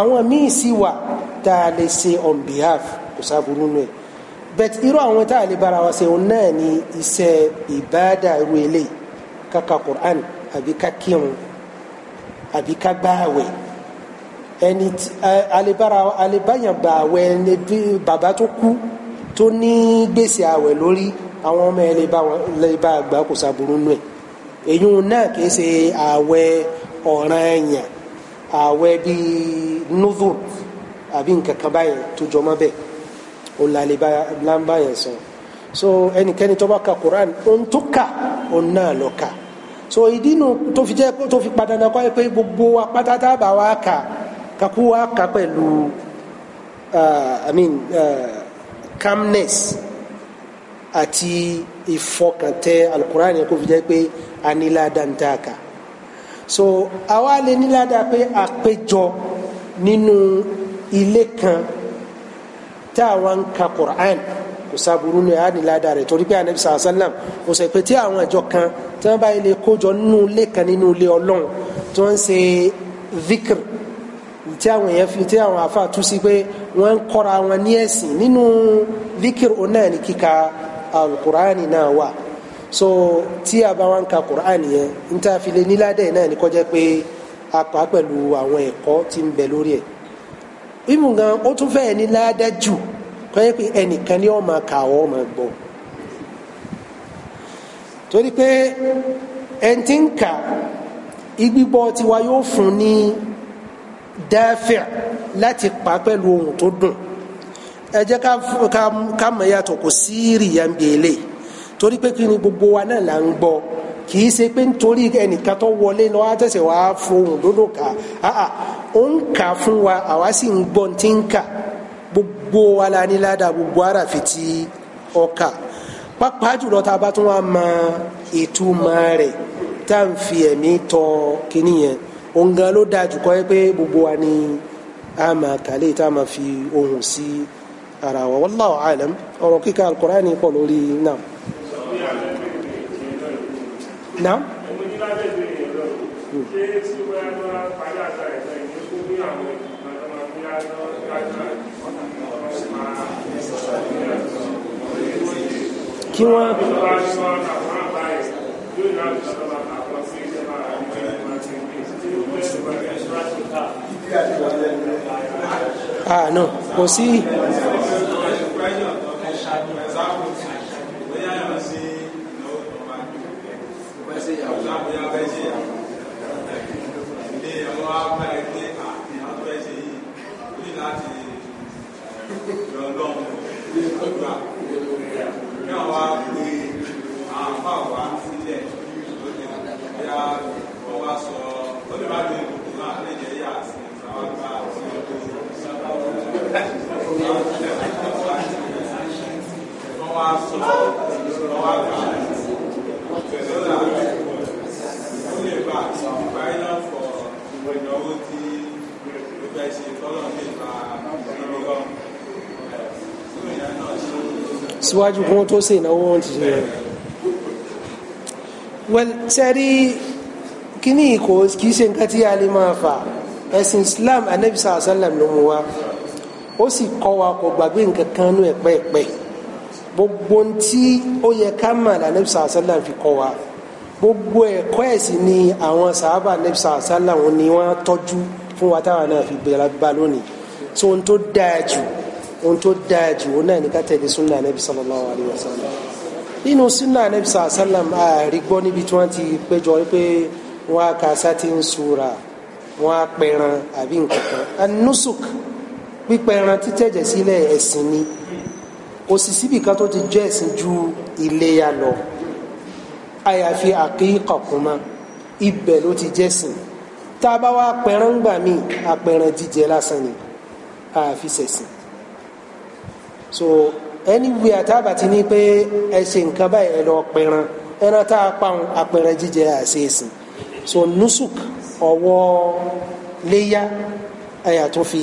àwọn míì sì wà tá a lè ṣe on behalf kò sáburú nù ẹ̀ bẹ́ẹ̀ irú àwọn tá a lè bára wa ṣe òun náà ni iṣẹ́ ìbáàdà irú eléyìí kàkà Qur'an àbí ká kírun àbí ká gbààwẹ̀ ẹni alebara alebayangba àwẹ̀ ẹni bàbá tó kú tó ní gbèsè àwẹ̀ lórí àwọn ọmọ ẹ lè bá wọn lè bá àgbà kò sàbùrù nù ẹ èyí náà kìí ṣe ààwẹ̀ ọ̀ràn ẹ̀yàn ààwẹ̀ bíi nuzur àbí nǹkan kan báyẹn tó jọmọ́ bẹ́ẹ̀ ó lálẹ́ bá yẹn sọ so ẹnikẹ́ni tó bá ka Quran ohun tó kà òun náà lọ kà so ìdí nu tó fi jẹ́ tó fi padà náà kọ́ ẹ pé gbogbo apátátá bá wa kà kakú wa kà pẹ̀lú uh, I mean uh, calmness àti ìfọkàntẹ alukurani kò fi jẹ́ pé a ní ládàá ń tà ká so àwa lè ní ládàá pé àpéjọ nínú ilé kan tá a wá ń ka Qur'an kò sábúrú ní a ní ládàá rẹ̀ torí pé anabi sàlá sàlám kò sọ pé tí àwọn ìjọ kan tí wọ́n bá ilé kójọ nínú ilé kan nínú ilé Ọlọ́run tí wọ́n ń ṣe vikir tí àwọn èèyàn fi tí àwọn afa tú sí pé wọ́n ń kọ́ra wọn ní ẹ̀sìn nínú vikir onáà ní kíka. alukur'ani náà wa so tí a bá wá ń ka kur'ani yẹn n ta fi lè níládẹ́ náà pé a pa pẹ̀lú àwọn ẹ̀kọ́ tí ń bẹ lórí ẹ̀ ìmù gan ó tún fẹ́ẹ̀ níládẹ́ jù kọjá pé ẹnìkan ni ó máa kà ó máa gbọ́ torí pé ẹni tí ń kà igbígbọ́ tiwa yóò fún ní dáfẹ́ láti pa pẹ̀lú ohun tó dùn. ẹ jẹ́ ká mọ̀ yàtọ̀ kò sí ìrìyà ń bèèlè torí pé kí ni gbogbo wa náà là ń gbọ́ kì í ṣe pé nítorí ẹnìkan tó wọlé lọ á tẹ̀sẹ̀ fohùn lódò ká àà ó ń kà fún wa àwa sì ń gbọ́ tí ń kà gbogbo wa la ní ládàá gbogbo ara fi ti ọkà pápá jùlọ tá a bá tún wá mọ ìtumọ̀ rẹ̀ tá à ń fi ẹ̀mí tọ kíní yẹn òun gan ló dáa jù kọ́ ẹ pé gbogbo wa ni a máa kàlẹ́ tá a máa fi ohùn sí i ara wa wallahu alam ọ̀rọ̀ kíkà alukurani pọ̀ lórí náà. náà. kí wọ́n ah no kò sí. Thank you. síwájú kí wọ́n tó ṣe ìnáwó wọn ti ṣe rẹ̀ well sẹ́rí kíní kò kìí ṣe nǹkan tí a lè máa fà ẹ̀sìn Islam anabi sàlám ló mú wa ó sì kọ́ wa kò gbàgbé nǹkan kan nú ẹ̀ pẹ́ẹ́pẹ́ gbogbo ntí ó yẹ ká mà lànàbí sàásálà fi kọ́ wa gbogbo ẹ̀kọ́ ẹ̀sìn ni àwọn sàábà nàbí sàásálà wọn ni wọ́n tọ́jú fún wa táwọn náà fi bẹ̀rẹ̀ bá lónìí tó ohun tó dáa jù ohun tó dáa jù ó náà ní ká tẹ̀lé súnà nàbí sallallahu alaihi wasallam nínú súnà nàbí sàásálà àárí gbọ́ níbi tí wọ́n ti péjọ pé wọ́n á ka sátì ń sura wọ́n á pẹran àbí nǹkan kan anusuk. An pípẹ́ ẹran títẹ̀jẹ̀ sílẹ̀ ẹ̀sìn ni kò sì síbì kan tó ti jẹ́ ẹ̀sìn ju iléyà lọ àyàfi àkíkà kùmà ibẹ̀ ló ti jẹ́sìn tá a bá wá pẹran gbà mí apẹran jíjẹ lásán ni àfi sẹ̀sìn so anywhere tá a bá ti ní pé ẹ ṣe nǹkan báyìí ẹ lọ pẹran ẹran tá a pa òun apẹran jíjẹ àṣeèsìn so nusuk ọwọ́ léyà ẹ̀yà tó fi.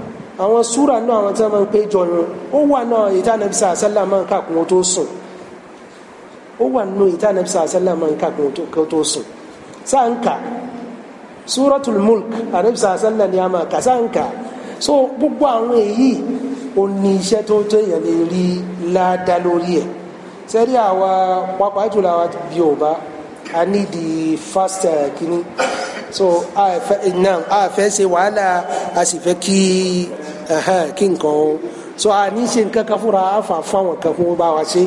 àwọn súrà náà àwọn tí wọ́n máa ń pé jọ yun ó wà náà ìta nàbí sàásálà máa ń kà kún tó sùn ó wà nù ìta nàbí sàásálà máa ń kà kún tó sùn sáà ń mulk anabi sàásánlá ni a máa kà sáǹkà so gbogbo àwọn èyí ò ní iṣẹ́ tó tó èèyàn lè rí ládá lórí ẹ̀ sẹ́rí àwa pápá jùlọ àwa bí ò bá a ní di fast eh, kínní so a fẹ́ ṣe wàhálà a sì fẹ́ kí kí so a ní ṣe nǹkan kan fúnra a fà kan fún bá wa ṣe.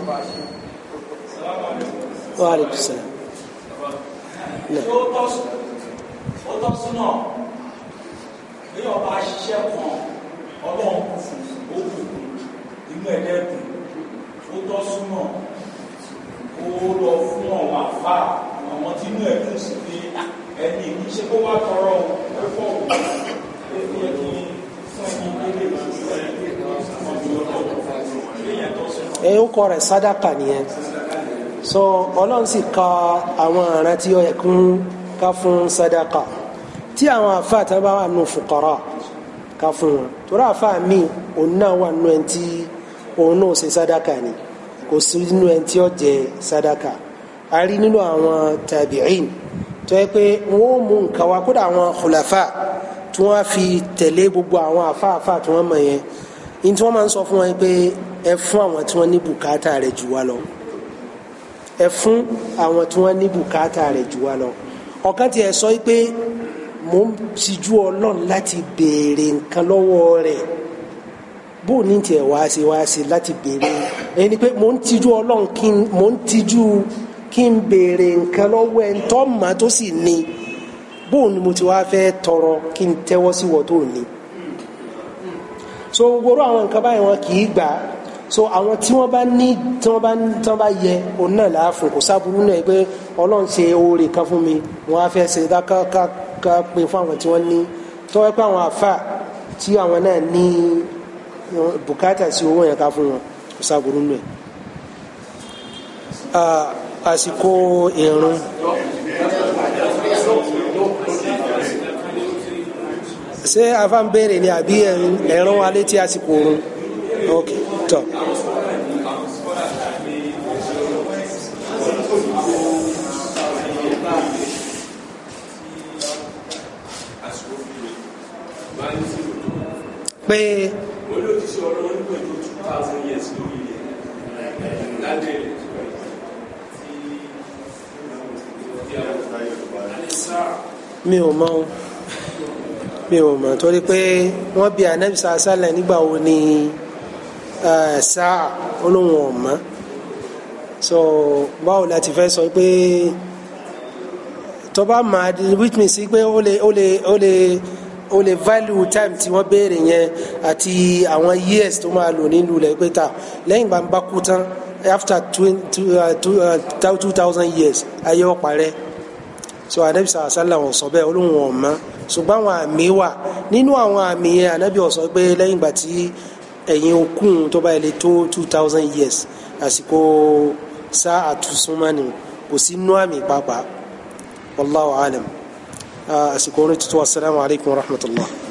wa aleykum salaam. ó tọ́ súnà bí ọba ṣiṣẹ́ kan ọlọ́run kò fún ó kù inú ẹ̀dẹ́gbẹ̀ẹ́ ó tọ́ súnà ó lọ fún ọ̀wà fà àwọn tí inú ẹ̀dùn sí pé ẹni ìníṣẹ́ kó wá tọrọ ó fọ̀ ó fi ẹni èyí ń kọ rẹ̀ sádàkà nìyẹn so ọlọ́run sì ka àwọn ọ̀ràn tí ó yẹ kún ká fún sádàkà tí àwọn àfa àtàwọn bá wà nù fùkárà ká fún wọn torí àfa mi òun náà wà nù ẹni tí òun náà ṣe sádàkà ni kò sí nínú ẹni tí ó jẹ sádàkà a rí nínú àwọn tàbíìn tó yẹ pé wọn ò mú nǹkan wá kódà àwọn khulafa tí wọ́n fi tẹ̀lé gbogbo àwọn àfáàfáà tí wọ́n mọ̀ yẹn ní tí wọ́n máa ń sọ fún wọn pé ẹ fún àwọn tí wọ́n ní bùkátà rẹ̀ jù wá lọ ẹ fún àwọn tí wọ́n ní bùkátà rẹ̀ jù wá lọ ọ̀kan tiẹ̀ sọ pé mò ń tijú ọlọ́run láti béèrè nǹkan lọ́wọ́ rẹ̀ bó ní tiẹ̀ wá sí wá sí láti béèrè ẹni pé mò ń tijú ọlọ́run kí mò ń tijú kí n béèrè nǹkan lọ́wọ́ ẹ̀ ń tọ́ mà tó sì ní bóun ni mo ti wá fẹ́ tọrọ kí n tẹ́wọ́ sí wọ́n tó ní so gbogbo àwọn nǹkan báyìí wọn kì gbà so àwọn tí wọ́n bá ní tí wọ́n bá ní tí wọ́n bá yẹ òun náà láàfún kò sábúrú náà pé Ọlọ́run ṣe oore kan fún mi wọ́n á fẹ́ ṣe ká ká ká pé fún àwọn tí wọ́n ní tọwọ pé àwọn àfà tí àwọn náà ní bùkátà sí owó yẹn ká fún wọn kò sábúrú náà àsìkò ìrun. ṣé afa ń béèrè ni àbí ẹ̀rán wa létí àsìkò oorun ok tọ. pé. olóòtú ọ̀rọ̀ mi ò mọ̀ ọ́n mi ò mọ̀ torí pé wọ́n bi anabi sàlá sàlá nígbà wo ni sáà olóhùn ọ̀mọ́ so báwo la ti fẹ́ sọ pé tọ́ba máa which means pé ó lè ó lè ó lè ó lè value time tí wọ́n béèrè yẹn àti àwọn years tó máa lò nílùú rẹ̀ pé ta lẹ́yìn gbàǹbà kú tán after uh, uh, two thousand years ayé ọ̀parẹ́ so anabi sàlá sàlá wọn sọ bẹ́ẹ̀ olóhùn wọn mọ ṣùgbọ́n àwọn àmì wà nínú àwọn àmì yẹn anabi ó sọ pé lẹ́yìn ìgbà tí ẹ̀yin okùn tó bá ilé tó two thousand years àsìkò sáà àtúnṣúmọ́ni kò sí nú àmì pàápàá wallahu alam àsìkò orin tuntun wasalaamu alaykum wa rahmatulah.